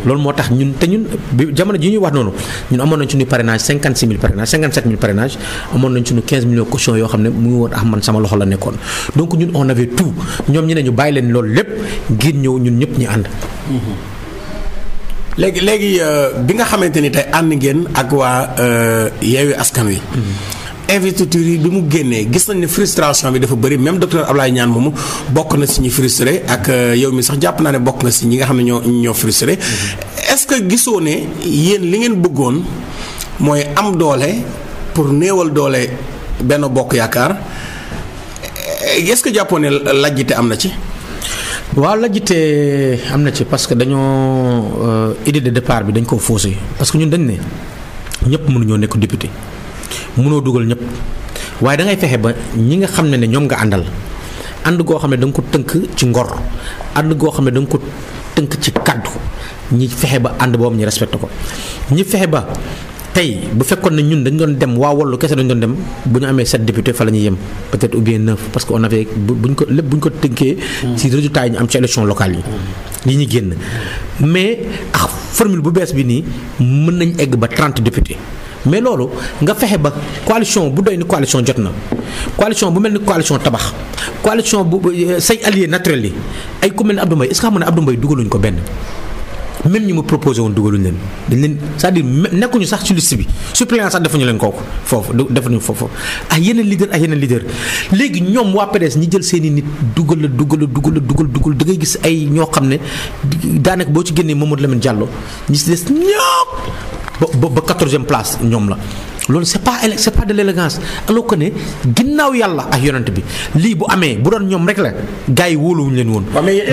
loolu moo tax ñun te ñun bi jamono ji ñuy wax noonu ñun amoon nañ suñu parrainage 56 000 parrainage 57 000 parrainage amoon nañ suñu 15 millions caution yoo xam ne mu ngi woon ah man sama loxo la nekkoon donc ñun on avait tout ñoom ñu ne ñu bàyyi leen loolu lépp ngir ñëw ñun ñëpp ñu ànd. léegi léegi euh, bi nga xamante ni tey ànd ngeen ak waa euh, yeewi askan wi. Mm-hmm. investiture yi bi mu génnee gis nañ ne frustration bi dafa bëri même docteur Ablaye Niane moomu bokk na si ñu frustré ak euh, yow mi sax jàpp naa ne bokk nga si ñi nga xam ne ñoo ñoo frustré mm-hmm. est-ce que gisoo ne yéen li ngeen bëggoon mooy am doole pour néewal doole benn bokk yaakaar euh, est-ce que jàppoo ne lajjite am na ci. waaw lajjite am na ci parce que dañoo euh, idée de départ bi dañ koo faussé parce que ñun dañ ne ñëpp mënuñoo nekk député. mënoo dugal ñëpp waaye da ngay fexe ba ñi nga xam ne ne ñoom nga àndal ànd goo xam ne danga ko tënk ci ngor ànd goo xam ne da nga ko tënk ci kàddu ñi fexe ba ànd boobu ñu respecté ko ñi fexe ba tey bu fekkoon ne ñun dañ doon dem waa wallu kese dañ doon dem bu ñu amee sept députés fa la ñuy yem peut-être ou bien parce que on bu buñ ko lépp buñ ko tënkee. ci résultat yi am ci élection locale yi. yi ñu génn mais ah formule bu bees bi nii mën nañ egg ba 30 députés. mais loolu nga fexe ba coalition bu doy ni coalition jot na coalition bu mel ni coalition tabax coalition bu euh, say alliés naturel yi ay ku mel ni Abdou Mbaye est-ce que xam ne Abdou Mbaye dugaluñ ko benn mel ñu mu proposé woon dugaluñ leen dañ leen c'est-à-dire nekkuñu sax ci bi suppléant sax ñu leen kooku foofu defuñu foofu ah yeneen leader ah yeneen leader léegi ñoom waa PDS ñi jël seen i nit dugal la dugal la dugal la dugal dugal da ngay gis ay ñoo xam ne daanaka boo ci génnee Mamadou Lamine Diallo ñi si des ñëpp ba ba quatorzième place ñoom la loolu c'est pas c'est pas de ne ginnaaw yàlla ak yonent bi lii bu amee bu doon ñoom rek la gars yi wóoluwuñu leen woon.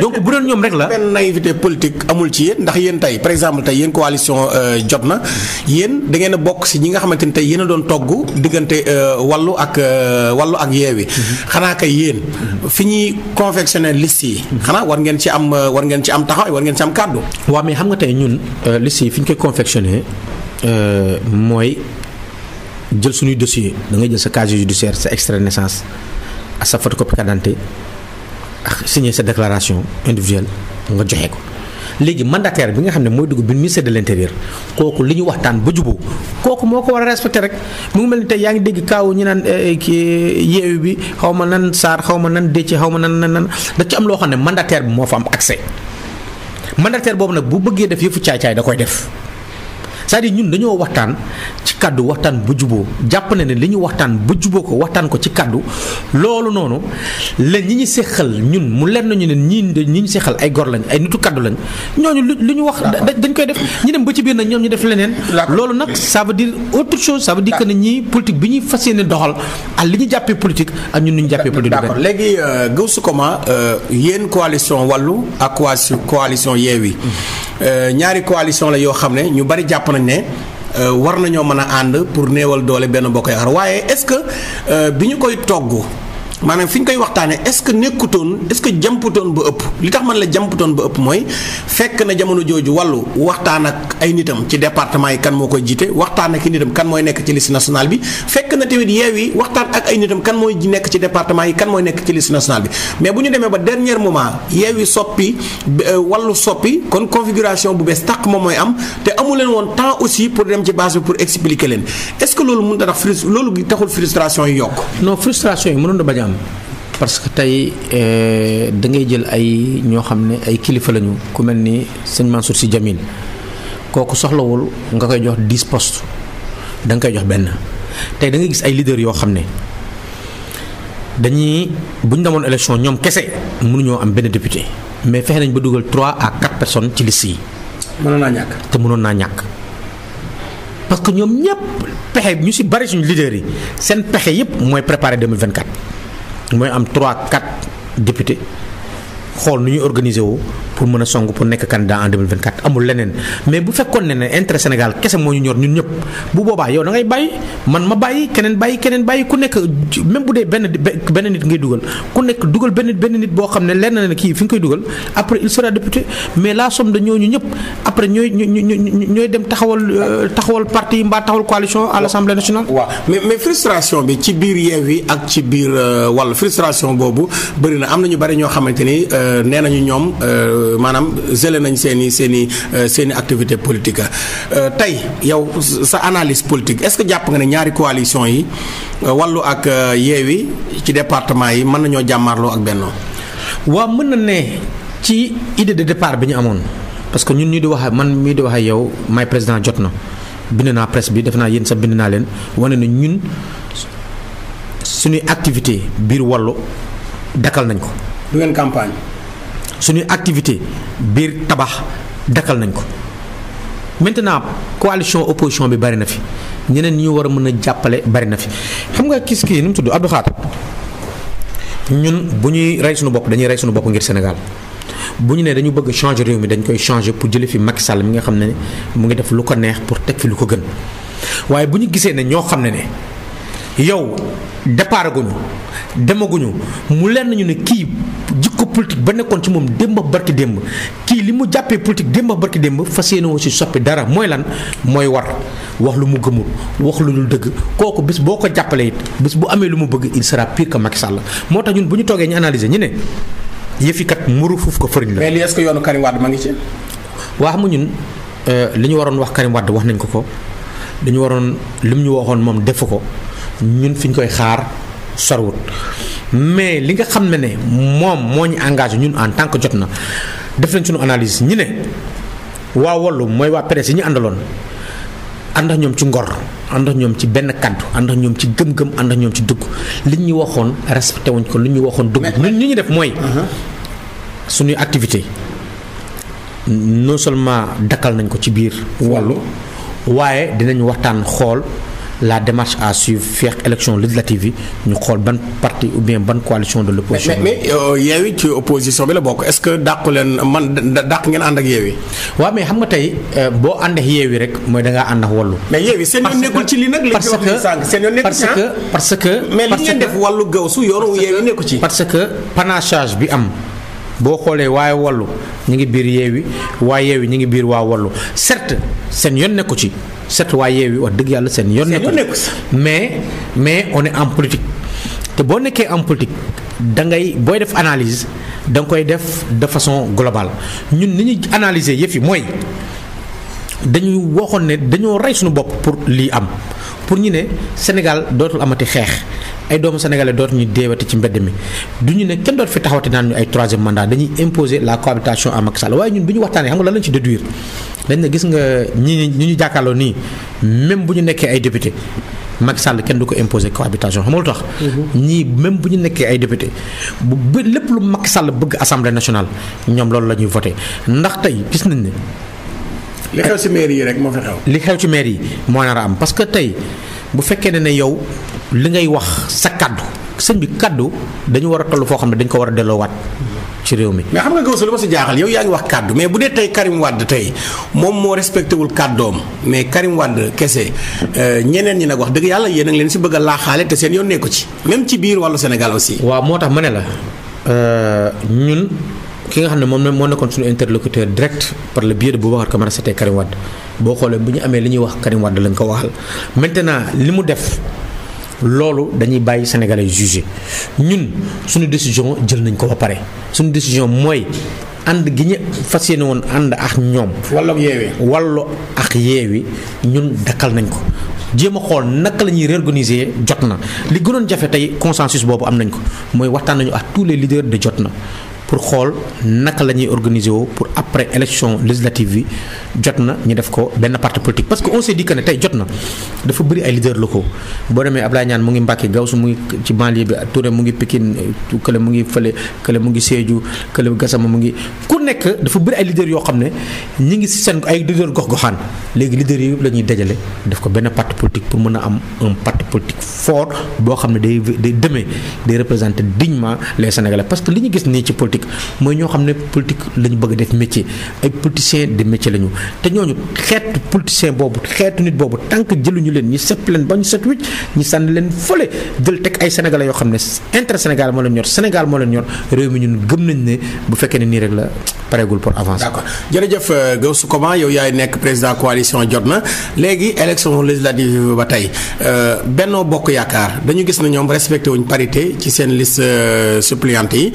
donc bu doon ñoom rek la. benn naïveté politique amul ci yéen ndax yéen tey par exemple tey yéen coalition euh, jot na yéen da ngeen a bokk si ñi nga xamante ni tey yéen a doon togg diggante euh, wàllu ak euh, wàllu ak yeewi. Mm-hmm. xanaa kay yéen mm-hmm. fi ñuy confectionner liste yi. Mm-hmm. xanaa war ngeen ci am war ngeen ci am taxaw war ngeen ci am kàddu. waaw mais xam nga tey ñun liste yi fi ñu koy confectionner mooy. jël suñuy dossier da ngay jël sa casier judiciaire sa extrait naissance ak sa photocopie carte d'identité ak sa déclaration individuelle nga joxe ko léegi mandataire bi nga xam ne mooy dugg bi ministère de l' intérieur kooku li ñu waxtaan ba juboo kooku moo ko war a respecté rek mu ngi mel ni tey yaa ngi dégg kaaw ñu naan eh, eh, eh, yeewu bi xaw ma nan saar xaw ma nan décc xaw ma nan nan nan da ci am loo xam ne mandataire bi moo fa am accès mandataire boobu nag bu bëggee def yëfu caay da koy def cest à ñun dañoo waxtaan ci kàddu waxtaan ba juboo jàpp na ne li ñu waxtaan ba juboo ko waxtaan ko ci kàddu loolu noonu la ñi ñu seqal ñun mu leer nañu ne ñii ñi ñu seqal ay gor lañ ay nitu kàddu lañ ñooñu lu ñu wax dañ koy def ñu dem ba ci biir nag ñoom ñu def leneen loolu nag ça di dire autre chose ça veut dire que bi ñuy fas yéene doxal ak li ñu jàppee politique ak ñun ñu ñu jàppee politique d'accord léegi euh, Gaoussou Koma euh, yéen coalition wàllu ak coalition yeewi mm-hmm. euh, ñaari coalition la yoo xam ne nañ ne euh, war nañoo mën a ànd pour néewal doole benn bokk yaakaar waaye est-ce que euh, bi ñu koy togg. maanaam fi ñu koy waxtaanee est-ce que nekkutoon est-ce que jamputoon ba ëpp li tax man la jamputoon ba ëpp mooy fekk na jamono jooju wàllu waxtaan ak ay nitam ci département yi kan moo koy jiite waxtaan ak i nitam kan mooy nekk ci liste nationale bi fekk na tamit yeew yi waxtaan ak kan mooy nekk ci département yi kan mooy nekk ci liste nationale bi mais bu ñu demee ba dernier moment yeew yi soppi euh, wàllu soppi kon configuration bu bees tàq moom mooy am te amu leen woon temps aussi pour dem ci base bi pour expliquer leen est-ce que loolu mën na tax frus loolu taxul frustration yi yokk. am parce que tey euh, da ngay jël ay ñoo xam ne ay kilifa lañu ku mel ni sëñ Mansour ci Djamil kooku soxlawul nga koy jox 10 postes da nga koy jox benn tey da ngay gis ay leaders yoo xam ne dañuy bu ñu demoon élection ñoom kese mënuñoo am benn député mais fexe nañ ba dugal trois à 4 personnes ci liste yi. mënoon naa te mënoon naa ñàkk. parce que ñoom ñëpp pexe ñu si bari suñu leaders yi seen pexe yëpp mooy préparer 2024. mooy am 3 4 députés xool nu ñuy organiser woo pour mën a song pour nekk candidat en 2024 amul leneen mais bu fekkoon ne ne intérêt Sénégal kese moo ñu ñor ñun ñëpp bu boobaa yow da bàyyi man ma bàyyi keneen bàyyi keneen bàyyi ku nekk même bu dee benn benn nit ngay dugal ku nekk dugal benn benn nit boo xam ne lenn na ne kii fi nga koy dugal après il sera député mais la somme de ñooñu ñëpp après ñooy ñooy dem taxawal euh, taxawal parti mbaa taxawal coalition à l'Assemblée nationale. waaw mais mais frustration bi ci biir Yewwi ak ci biir euh, wàll frustration boobu bëri na am na ñu bari ñoo xamante ni euh, nee nañu ñoom. Euh, maanaam zélé nañ seen i seeni i euh, seen activité politique euh, tey yow sa analyse politique est-ce que jàpp nga ne ñaari coalition yi wàllu ak yeewi ci département yi mën nañoo jàmmaarloo ak bennoo waa mën na ne ci idée de départ bi ñu amoon parce que ñun ñu di waxee man mii di waxee yow may président jot na bind naa presse bi def naa yéen sa bind naa leen wane na ñun suñuy activité biir wàllu dakkal nañ ko. du ngeen campagne. suñuy activité biir tabax dakkal nañ ko maintenant coalition opposition bi bari na fi ñeneen ñi ñu war a mën a jàppale bari na fi xam nga kis ki nu mu tudd Abdou Xaat ñun bu ñuy rey suñu bopp dañuy rey suñu bopp ngir Sénégal bu ñu nee dañu bëgg changer réew mi dañ koy changer pour jële fi Macky Sall mi nga xam ne mu ngi def lu ko neex pour teg fi lu ko gën waaye bu ñu gisee ne ñoo xam ne ne yow départ guñu demaguñu mu leen nañu ne kii jikko politique ba nekkoon ci moom démb barki démb kii li mu jàppee politique démb barki démb fas yéene woo si soppi dara mooy lan mooy war wax lu mu gëmul wax lu dul dëgg kooku bis boo ko jàppalee it bis bu amee lu mu bëgg il sera pire que Macky Sall moo tax ñun bu ñu toogee ñu analyser ñu ne yëfi kat muru fuuf ko fëriñ la. mais lii est-ce yoonu Karim Wade ma ngi ci. waa xam ñun euh, li ñu waroon wax Karim wax nañ ko ko li ñu waroon lim ñu waxoon moom def ko. ñun fi ñu koy xaar sorwut mais li nga xam ne ne moom moo ñu engagé ñun en tant que jot na def nañ suñu analyse ñi ne waa wallu mooy waa presse yi ñu àndaloon ànd ak ñoom ci ngor ànd ak ñoom ci benn kàddu ànd ak ñoom ci gëm-gëm ànd ak ñoom ci dugg liñ ñuy waxoon respecté wuñ ko li ñuy waxoon dugg ñun li ñu def mooy uh-huh. suñuy activité non seulement dakkal nañ ko ci biir wàllu waaye dinañ waxtaan xool la démarche à suivre feex élection législative yi ñu xool ban parti ou bien ban coalition de l'opposition mais mais euh, Yewwi ci opposition bi la bokk est-ce que dàqu leen man dàq ngeen ànd ak Yewwi. waaw mais xam nga tey euh, boo ànd ak rek mooy da ngaa ànd ak Wallu. mais Yewwi seen yoon nekkul ci li nag. parce que ah. parce que parce que. mais li ngeen def Wallu nekku ci. parce que panachage bi am. boo xoolee waaye wallu ñu ngi biir yeewi waaye yeewi ñu ngi biir waa wallu certes seen yoon nekku ci certes waa yeewi wax dëgg yàlla seen yoon nekku ci mais mais on est en politique te boo nekkee en politique da ngay booy def analyse da nga koy def de façon globale ñun ni ñuy analyser yëf yi mooy dañuy waxoon ne dañoo rey suñu bopp pour lii am pour ñu ne Sénégal dootul amati xeex ay doomu sénégalais dootuñu deewati ci mbedd mi du ñu ne kenn doot fi taxawati naan ñu ay troisième mandat dañuy imposer la cohabitation à Macky Sall waaye ñun bu ñu waxtaanee xam nga lan lañ ci déduire dañ ne gis nga ñi ñi ñu jàkkaarloo nii même bu ñu nekkee ay député Macky Sall kenn du ko imposer cohabitation xam tax. Mm-hmm. ñii même bu ñu nekkee ay député bu ba lépp lu Macky Sall bëgg assemblée nationale ñoom loolu la ñuy voté ndax tey gis nañ ne. li xew ci maire rek moo fi xew. li xew ci maire moo nar am parce que tey bu fekkee ne ne yow li ngay wax sa kaddu sëñ bi kaddu dañu war a toll foo xam ne dañ ko war a delloowaat. ci réew mi mais xam nga Gaoussou li ma si jaaxal yow yaa ngi wax kàddu mais bu dee tey Karim Wade tey moom moo respecté wul kàddoom mais Karim Wade kese euh, ñeneen ñi nag wax dëgg yàlla yéen a leen si bëgg a laaxaale te seen yoon nekku ci même ci biir wàllu Sénégal aussi. waaw moo tax ma ne la euh, ñun. ki nga xam ne moom la moo nekkoon suñu interlocuteur direct par le biais de Boubacar Camara c'était Karim Wade boo xoolee bu ñu amee li ñuy wax Karim Wade lañ ko waxal maintenant li mu def loolu dañuy bàyyi sénégalais yi ñun suñu décision jël nañ ko ba pare suñu décision mooy ànd gi ñu fas yéene woon ànd ak ñoom. wàllu yeewi wàllu ak yeewi ñun dakkal nañ ko. jéem a xool naka la ñuy réorganiser jot na li gënoon jafe tey consensus boobu am nañ ko mooy waxtaan nañu ak tous les leaders de jot na pour xool naka la ñuy organiser woo pour après élection législative bi jot na ñu def ko benn parti politique. parce que on s'est dit que ne tey jot na dafa bëri ay leaders ko boo demee Ablaye Niane mu ngi Mbacke Gaoussou mu ngi ci banlieue bi Touré mu ngi Pikine kële mu ngi fële kële mu ngi Sédhiou kële Gassama mu ngi ku nekk dafa bëri ay leaders yoo xam ne ñi ngi si seen ay leaders gox-goxaan léegi leaders yi la ñuy dajale def ko benn parti politique pour mën a am un parti boo xam ne day demee day représenter dignement les politique mooy ñoo xam ne politique la ñu bëgg def métier ay politiciens de métier la te ñooñu xeetu politicien boobu xeetu nit boobu tant que jëluñu leen ñi sepp leen ba ñu set wicc ñi sànni leen fële jël teg ay sénégalais yoo xam ne intérêt Sénégal moo leen ñor Sénégal moo leen ñor réew mi ñun gëm nañ ne bu fekkee ne nii rek la pareegul pour avancer. d'accord jërëjëf euh, Gaoussou Koma yow yaay nekk président jot na léegi élection législative ba tey euh, Benno Bokk Yaakaar dañu gis ne ñoom respecté wuñ parité ci seen liste euh, suppléante yi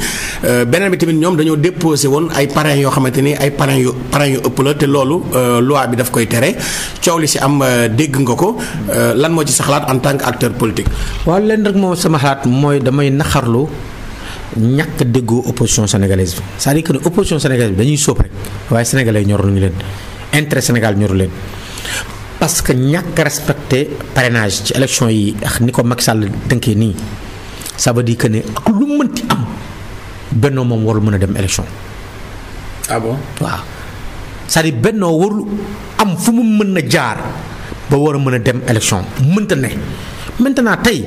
bi tamit ñoom dañoo déposé woon ay parrain yoo xamante ni ay parrain yu parrain ëpp la te loolu euh, loi bi daf koy tere coow li si am euh, dégg nga ko euh, lan moo ci sa xalaat en tant que acteur politique. waaw leen rek moom sama xalaat mooy damay naxarlu ñàkk déggoo opposition sénégalaise bi c'est-à-dire que bi dañuy sóob rek waaye sénégalais ñor ñu leen intérêt Sénégal ñoru leen. parce que ñàkk respecté parrainage ci élection yi ak ni ko mag Sall tënkee nii ça veut dire ne ak lu mënti am. bennoo moom warul mën a dem élection. ah bon waaw c'est-à-dire bennoo warul am fu mu mën a jaar ba war a mën a dem élection mënta ne maintenant tey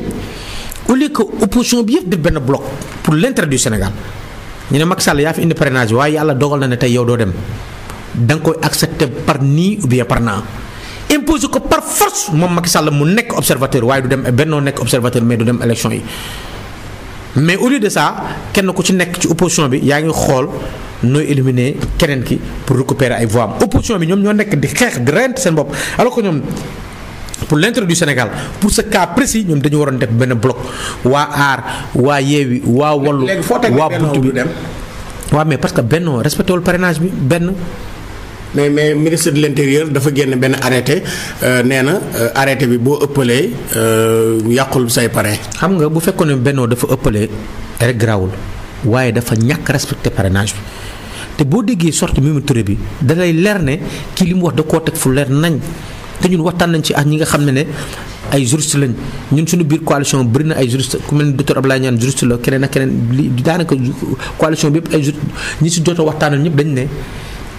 au lieu que opposition bi yëpp def benn bloc pour l'intérêt du Sénégal ñu ne Macky Sall yaa fi indi waaye yàlla dogal na ne tey yow doo dem da nga koy accepter par nii ou bien par naa imposer ko par force moom Macky Sall mu nekk observateur waaye du dem bennoo nekk observateur mais du dem élection yi. mais au lieu de ça kenn ku ci nekk ci opposition bi yaa ngi xool nooy éliminer keneen ki pour récupérer ay voix am opposition bi ñoom ñoo nekk di xeex di reyante seen bopp alors que ñoom. pour l'intérêt du Sénégal pour ce cas précis ñoom dañu waroon def benn bloc waa aar waa yeewi waa wallu waa buntu bi waa mais parce que benn respecté wul parrainage bi benn mais mais ministre de l' intérieur dafa génn benn arrêté euh, nee na euh, arrêté bi boo ëppalee euh, yàqul say pare xam nga bu fekkoon ne Benno dafa ëppalee rek garaawul waaye dafa ñàkk respecté parrainage bi te boo déggee sorte Mimi Touré bi da leer ne kii li mu wax da koo teg fu leer nañ te ñun waxtaan nañ ci ak ñi nga xam ne ne. ay juriste lañ ñun su suñu biir coalition bëri na ay juriste ku mel ni docteur Abdoulaye Niane juriste la keneen ak keneen li daanaka coalition bi yëpp ay juriste ñi si jot a ñëpp dañ ne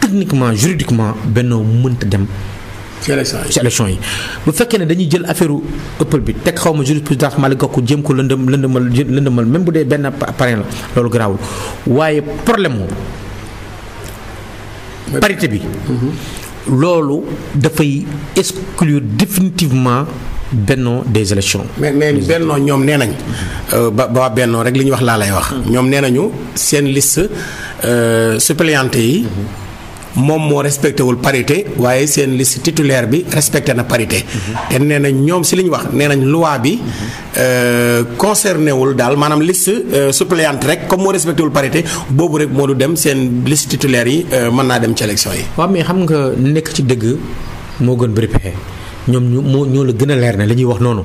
techniquement juridiquement Benno mënta dem. ci élection yi ci yi bu fekkee ne dañuy jël affaire ëppal bi teg xaw ma jurisprudence Malick Gakou jéem ko lëndëm lëndëmal lëndëmal même bu dee benn parrain la loolu garaawul waaye problème mu parité bi. Mhm. loolu dafay exclure définitivement Benno des élections. mais mais Benno ñoom nee nañ. Euh, ba ba bennoo rek li ñu wax laa lay wax. Mhm. ñoom nee nañu seen liste euh, suppléante yi. Mhm. moom moo respecté wul parité waaye seen liste titulaire bi respecté na parité. te nee nañ ñoom si li ñu wax nee nañ loi bi euh, concerné wul daal maanaam liste euh, suppléante rek comme moo respecté wul parité boobu rek moo du dem seen liste titulaire yi euh, mën naa dem ci élection yi. waaw mais xam nga nekk ci dëgg moo gën bëri ñoom ñu moo ñoo la gën a leer ne li ñuy wax noonu.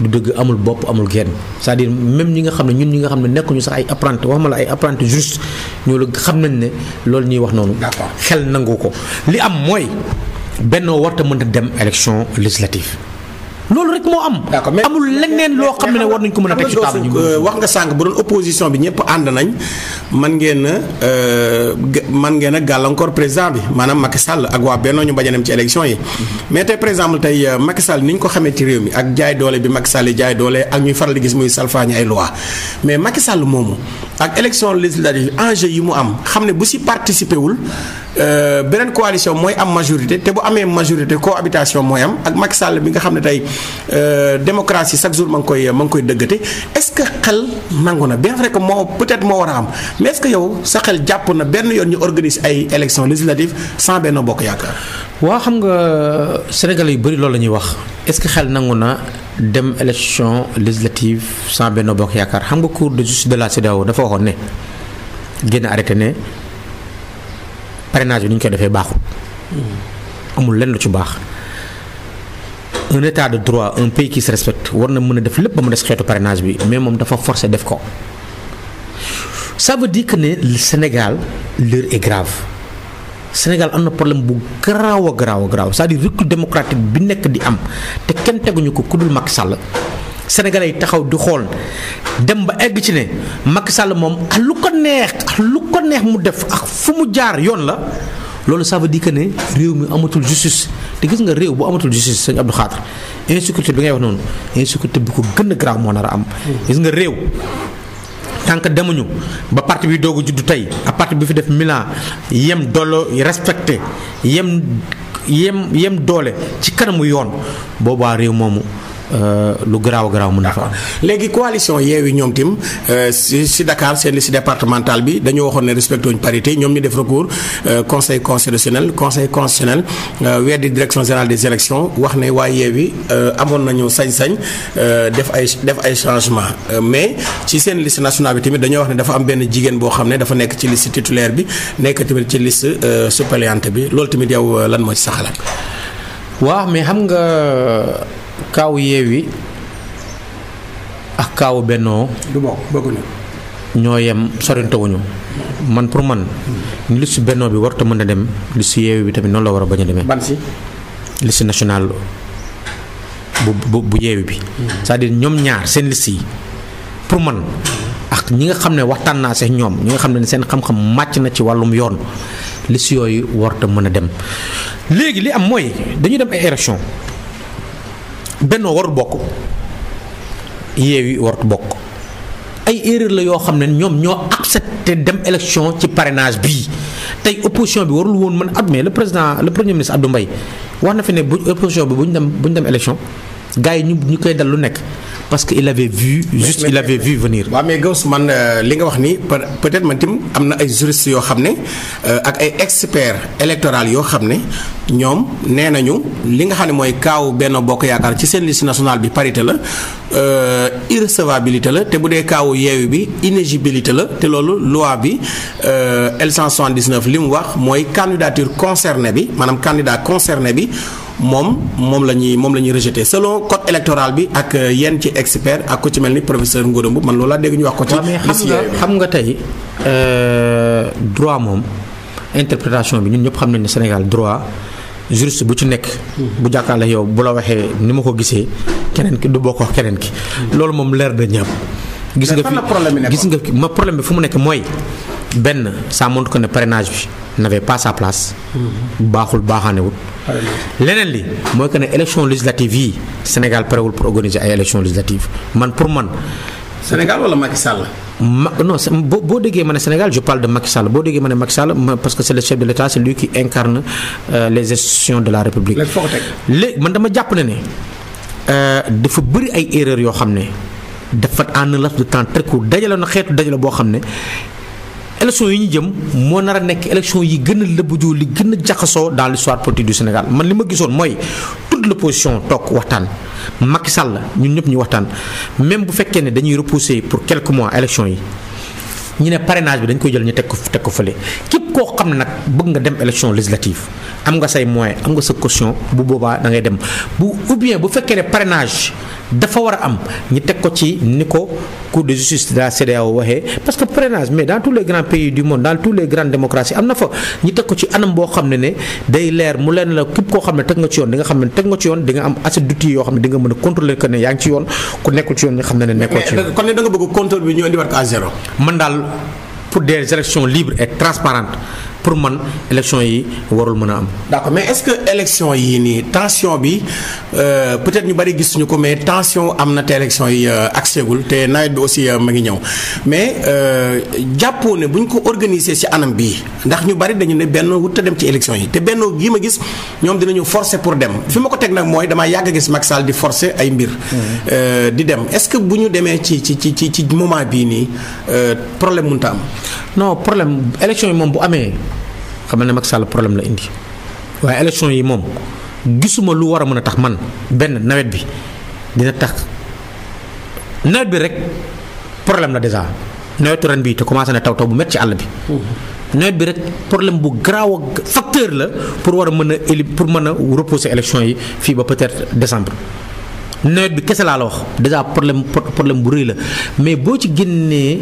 du dëgg amul bopp amul genn c'est-à-dire même ñi nga xam ne ñun ñi nga xam ne nekkuñu sax ay apprenti waxuma la ay apprenti juste ñoo la xam nañ ne loolu ñuy wax noonu. d'accord xel nangu ko li am mooy Benno warta mënta dem élection législative. loolu rek moo am. amul leneen loo xam ne war nañ ko mën a teg ci table ñu euh, wax nga sànq bu doon opposition bi ñëpp ànd nañ man ngeen euh, man ngeen a gàllankoor président bi maanaam Macky Sall ak waa Benno ñu bañ a dem ci élection yi mais tey par exemple tey euh, Macky Sall ni ñu ko xamee ci yi mu am xam ne bu si participé wul euh, beneen coalition mooy am majorité te bu amee majorité cohabitation mooy am ak Macky Sall bi nga xam ne tey euh, démocratie chaque jour ma ngi koy ma ngi koy dëggate est-ce que xel nangu na bien vrai que moo peut-être moo war a am mais est yow sa xel jàpp na benn yoon organiser ay élections législatives sans Benno Bokk Yaakaar. waaw xam nga Sénégal yu bari loolu la ñuy wax est-ce que xel nangu na dem élection législative sans Benno Bokk Yaakaar xam nga cour de justice de la CEDEAO dafa waxoon ne génn arrêté ne parenage bi ni ñu koy defee baaxul. amul lenn lu ci baax. un état de droit un pays qui se respecte war na mën a def lépp ba mu des xeetu parrainage bi mais moom dafa forcé def ko. ça veut dire que ne le Sénégal l'heure est Sénégal am na problème bu garaaw a garaaw a garaaw cest à bi nekk di am te kenn teguñu ko ku dul Macky Sall Sénégalais yi taxaw di xool dem ba egg ci ne Macky Sall moom ak lu ko neex ak lu ko neex mu def ak fu mu jaar yoon la loolu ça veut dire que ne réew mi amatul justice te gis nga réew bu amatul justice sëñ Abdou Khadre insécurité bi ngay wax noonu insécurité bi ko gën a moo nar a am mm. gis nga réew tant que demuñu ba parti bi doog a juddu tey ak parti bi fi def milan yem dolo respecte yem yem yem doole ci kanamu yoon boobaa réew moomu Euh, lu garaaw garaaw mën na fa léegi coalition yeewi ñoom tim euh, si si Dakar seen liste départementale bi dañoo waxoon ne respecté wuñ parité ñoom ñu def recours euh, conseil constitutionnel conseil constitutionnel weddi direction générale des élections wax ne waa yeewi amoon nañu sañ-sañ def ay def ay changement mais ci seen liste nationale bi tamit dañoo wax ne dafa am benn jigéen boo xam ne dafa nekk ci liste titulaire bi nekk tamit ci liste suppléante bi loolu tamit yow lan moo ci kaawu Yewwi ak kaawu Bennoo ñoo yem sorintawuñu man pour man ni liste Bennoo bi warta mën a dem liste Yewwi bi tamit noonu la war a bañ a demee ban si liste nationale bu bu bu Yewwi bi sa à ñoom ñaar seen liste yi pour man ak ñi nga xam ne waxtaan naa sax ñoom ñi nga xam ne seen xam-xam màcc na ci wàllum yoon liste yooyu warta mën a dem léegi li am mooy dañu dem ay élection bennoo warut bokk yeewi warut bokk ay erreur la yoo xam ne ñoom ñoo accepté dem élection ci parrainage bii tey opposition bi warul woon mën admet le président le premier ministre Abdou Mbaye wax na fi ne bu opposition bi bu ñu dem bu ñu dem élection gars yi ñu ñu koy dal lu nekk parce que il avait vu juste mais, il avait mais, vu venir. waaw mais Gaouss man euh, li nga wax ni peut-être man tim am na ay juristes yoo xam ne euh, ak ay experts électoraux yoo xam ne ñoom nee nañu li nga xam ne mooy kaaw Benno Bokk Yaakaar ci seen liste nationale bi parité la euh, irrecevabilité la te bu dee kaawu yeewu bi inéligibilité la te loolu loi bi L179 li mu wax mooy candidature concernée bi maanaam candidat concerné bi. moom moom la ñuy moom la ñuy rejeté selon code électoral bi ak euh, yenn ci expert ak ku ci mel ni professeur Ngouda Mboup man loolu laa dégg ñu wax ko ci. xam nga xam nga tey euh, droit moom interprétation bi ñun ñëpp xam nañ ne Sénégal droit. juriste bu ci nekk. bu jàkkaarloo yow bu la waxee ni ma ko gisee keneen ki du bokk ak keneen ki. loolu moom leer na ñëpp. gis nga fi gis nga ma problème bi fu mu nekk mooy. benn ça montre que ne parrainage bi n'avait pas sa place. Mhm. baaxul baaxaanewul. leneen li mooy que ne élection législative yii Sénégal parewul pour organiser ay élection législative man pour man. Sénégal wala Macky Sall. ma non boo boo déggee ma ne Sénégal je parle de Macky Sall boo déggee ma ne Macky Sall parce que c'est le chef de l'État c'est lui qui incarne euh, les institutions de la République. léegi man dama jàpp ne ne euh, dafa bëri ay erreurs yoo xam ne dafa en la laps de temps très court dajale na xeetu dajale boo xam ne. élection yi ñu jëm moo nar a nekk élection yi gën a lëbëjoo li gën a jaxasoo dans l'histoire politique du Sénégal man li ma gisoon mooy toute position toog waxtaan Macky la ñun ñëpp ñu waxtaan même bu fekkee ne dañuy repousser pour quelque mois élection yi ñu ne parrainage bi dañ koy jël ñu teg ko teg ko fële képp koo xam nag bëgg nga dem élection législative am nga say moyens am nga sa caution bu boobaa da ngay dem bu ou bien bu fekkee ne parrainage dafa war a am ñu teg ko ci ni ko cour de justice de la CEDEAO waxee parce que mais dans tous les pays du monde dans tous les grandes am na fa ñu teg ko ci anam boo xam ne ne day leer mu leen la képp koo xam ne teg nga ci yoon di xam ne teg nga ci yoon di nga am assez d'outils yoo xam ne di nga mën a contrôler que ne yaa ngi ci yoon ku nekkul ci yoon ñu xam ne ne nekkoo ci yoon. kon ne da bëgg contrôle bi ñu indiwaat ko à zéro. man daal pour man élection yi warul mën a am. ndax mais est-ce que élection yii nii tension bi euh, peut-être ñu bari gis ñu ko mais tension am na te élection yi euh, accès gul te nawet bi aussi euh, ma ngi ñëw mais euh, jàppoo ne bu ñu ko organiser ci anam bii ndax ñu bari dañu ne benn wut a dem ci élection yi te benn gi ma gis ñoom dinañu forcer pour dem fi ma ko teg nag mooy damaa yàgg gis Macky Sall di forcer ay mbir. Mm-hmm. di dem est-ce que bu ñu demee ci ci ci ci ci moment bii nii problème mënut am. non problème élection yi moom bu amee. xamal ne Macky Sall problème la indi waaye élection yi moom gisuma lu war a mën a tax man benn nawet bi dina tax nawet bi rek problème la déjà nawetu ren bii te commencé na taw taw bu met ci àll bi. Mmh. nawet bi rek problème bu garaaw ak facteur la pour war a mën a éli pour mën a repousser élection yi fii ba peut-être décembre. nawet bi kese laa la wax déjà problème problème bu rëy la mais boo ci génnee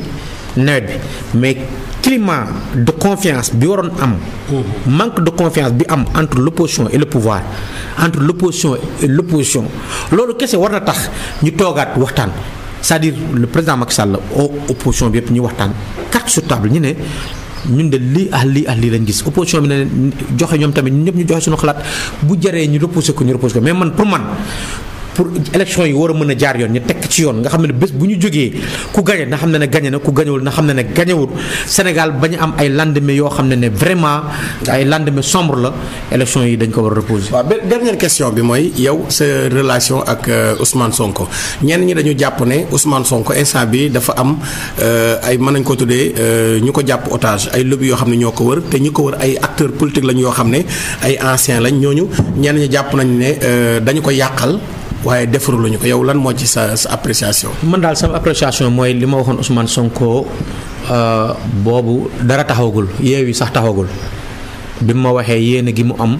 nawet bi mais climat de confiance bi waroon am. manque de confiance bi am entre l' opposition et le pouvoir entre l' opposition et l' loolu kese war na tax ñu toogaat waxtaan. c'est-à-dire le président Macky Sall opposition bi yëpp ñu waxtaan carte sur table ñu ne ñun de lii ah lii ah lii lañ gis opposition bi ne joxe ñoom tamit ñun ñu joxe suñu xalaat bu jëree ñu repousser ko ñu repousser ko mais man pour man pour élection yi war a mën a jaar yoon ñu tekk ci yoon nga xam ne bés bu ñu jógee ku gañe na xam ne ne gañe na ku gañewul na xam ne ne gañewul Sénégal bañ am ay lendemain yoo xam ne ne vraiment ay lendemain sombre la élection yi dañ ko war a reposer. waaw dernière question bi mooy yow sa relation ak euh, Ousmane Sonko ñenn ñi dañu jàpp ne Ousmane Sonko instant bi dafa am euh, ay mën nañ ko tuddee euh, ñu ko jàpp otage ay lobby yoo xam ne ñoo ko war te ñu ko wër ay acteurs politiques lañ yoo xam ne ay anciens lañ ñooñu ñenn ñi jàpp nañ ne dañu ko yàqal. waaye defaru lañu ko yow lan moo ci sa sa appréciation. man daal sama appréciation mooy li ma waxoon Ousmane Sonko euh, boobu dara taxawagul yi sax taxawagul bi ma waxee yéene gi mu am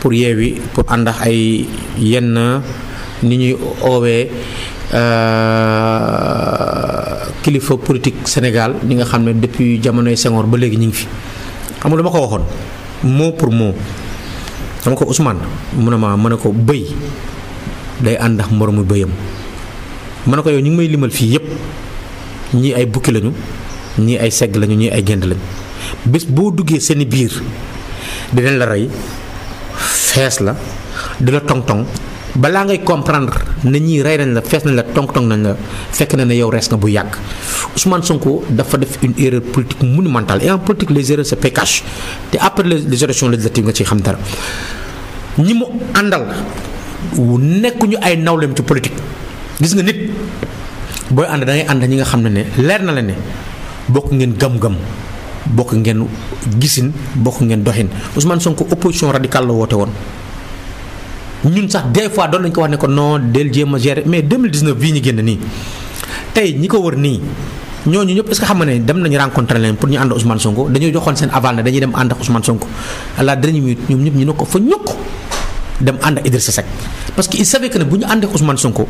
pour yi pour ànd ay yenn ni ñuy oowee. Euh, kilifa politique Sénégal ñi nga xam ne depuis jamonoy Senghor ba léegi ñu ngi fi xam nga ma ko waxoon moo pour mot dama ko Ousmane mu ne ma mën a ko bëy day ànd ak moromu bëyam ma ne ko yow ñu ngi may limal fii yëpp ñii ay bukki lañu ñii ay segg lañu ñii ay génd lañu bés boo duggee seeni biir dinañ la rey fees la di la tong tong balaa ngay comprendre ne ñii rey nañ la fees nañ la tong tong nañ la fekk na ne yow rees nga bu yàgg Ousmane Sonko dafa def une erreur politique monumentale et en politique les erreurs se paient cash te après les élections législatives nga ciy xam dara ñi mu àndal. ñu ay nawleem ci politique gis nga nit booy ànd da ngay ànd ñi nga xam ne ne leer na la ne bokk ngeen gëm-gëm bokk ngeen gisin bokk ngeen doxin Ousmane Sonko opposition radicale la woote woon. ñun sax des fois doon nañ ko wax ne ko non del jéem a bii ñu génn nii tey ko wër nii ñooñu ñëpp est-ce que xam nga ne dem nañu rencontré leen pour ñu ànd Ousmane Sonko dañoo dañuy dem ànd ak Ousmane ñoom ñëpp ñu ne ko fa ñukk dem ànd ak Idrissa Seck parce que il savait que ne bu ñu àndee Ousmane Sonko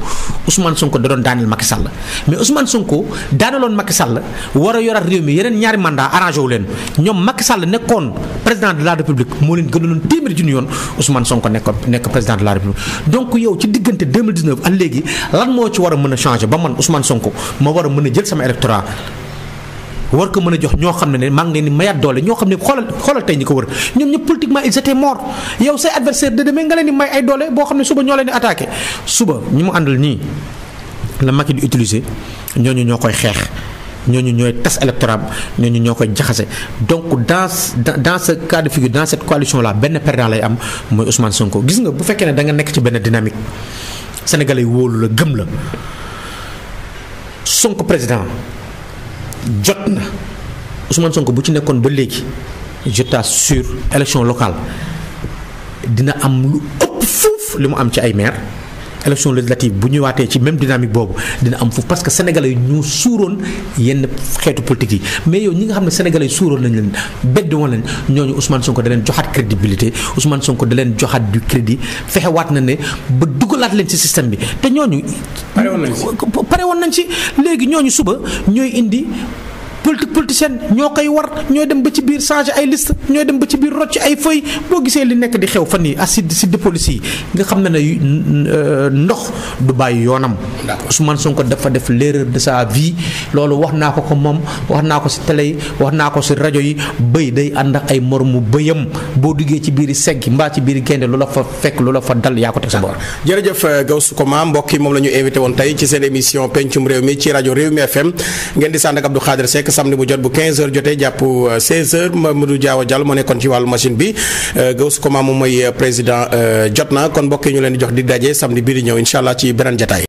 Ousmane Sonko da doon daaneel Macky Sall mais Ousmane Sonko daaneeloon Macky Sall war a yoraat réew mi yeneen ñaari mandat arrangé leen ñoom Macky Sall nekkoon président de la République moo leen gënaloon téeméeri junni yoon Ousmane Sonko nekkoon nekk président de la République. donc yow ci diggante 2019 ak léegi lan moo ci war a mën a changé ba man Ousmane Sonko ma war a mën a jël sama électorat. war ko mën a jox ñoo xam ne ne maa ngi leen di mayaat doole ñoo xam ne xoolal xoolal tey ñi ko wër ñoom ñëpp politiquement ils étaient morts yow say adversaire de demain nga leen may ay doole boo xam ne suba ñoo leen di suba ñi mu àndal nii la Macky di utiliser ñooñu ñoo koy xeex ñoo ñooñu ñooy tas électoral ñooñu ñoo koy jaxase donc dans dans ce cas de figure dans coalition là benn perdant lay am mooy Ousmane Sonko gis nga bu fekkee ne da nekk ci benn dynamique sénégalais yi la gëm la Sonko président jot na Ousmane Sonko bu ci nekkoon ba léegi je sur élection locale dina am lu ëpp fuuf li mu am ci ay maire élection législative bu ñëwaatee ci même dynamique boobu dina am foofu parce que sénégalais ñu suuroon yenn xeetu politique yi mais yow ñi nga xam ne sénégalais yi suuroon nañ leen bedd woon leen ñooñu Ousmane Sonko da leen joxaat crédibilité Ousmane Sonko da leen joxaat du crédit fexewaat na ne ba dugalaat leen ci système bi te ñoo pare woon nañ ci léegi ñoo ñu suba ñooy indi politique politicienne ñoo koy war ñooy dem ba ci biir changer ay liste ñooy dem ba ci biir rocc ay feuille boo gisee li nekk di xew fan yi acide si de police yi nga xam ne ne euh, ndox du bàyyi yoonam. Ousmane ko dafa def l'erreur de sa vie loolu wax naa ko ko moom wax naa ko si télé yi wax naa ko si rajo yi bëy day ànd ak ay moromu bëyam boo duggee ci biir segg mbaa ci biir gaynde lu la fa fekk lu la fa dal yaa ko teg sa bopp. jërëjëf euh, Gaoussou Koma mbokk yi moom la ñu invité woon tey ci seen émission pencum réew mi ci rajo Réew mi FM ngeen di sànd ak Abdou Khadre Seck samedi bu jot bu 15h jotee jàpp 16h euh, Mamadou Diawa Diallo moo nekkoon ci wàllu machine bi euh, Gaoussou Koma moom mooy euh, président jot na kon mbokk ñu leen di jox di daje samedi bii ñëw incha allah ci beneen jataay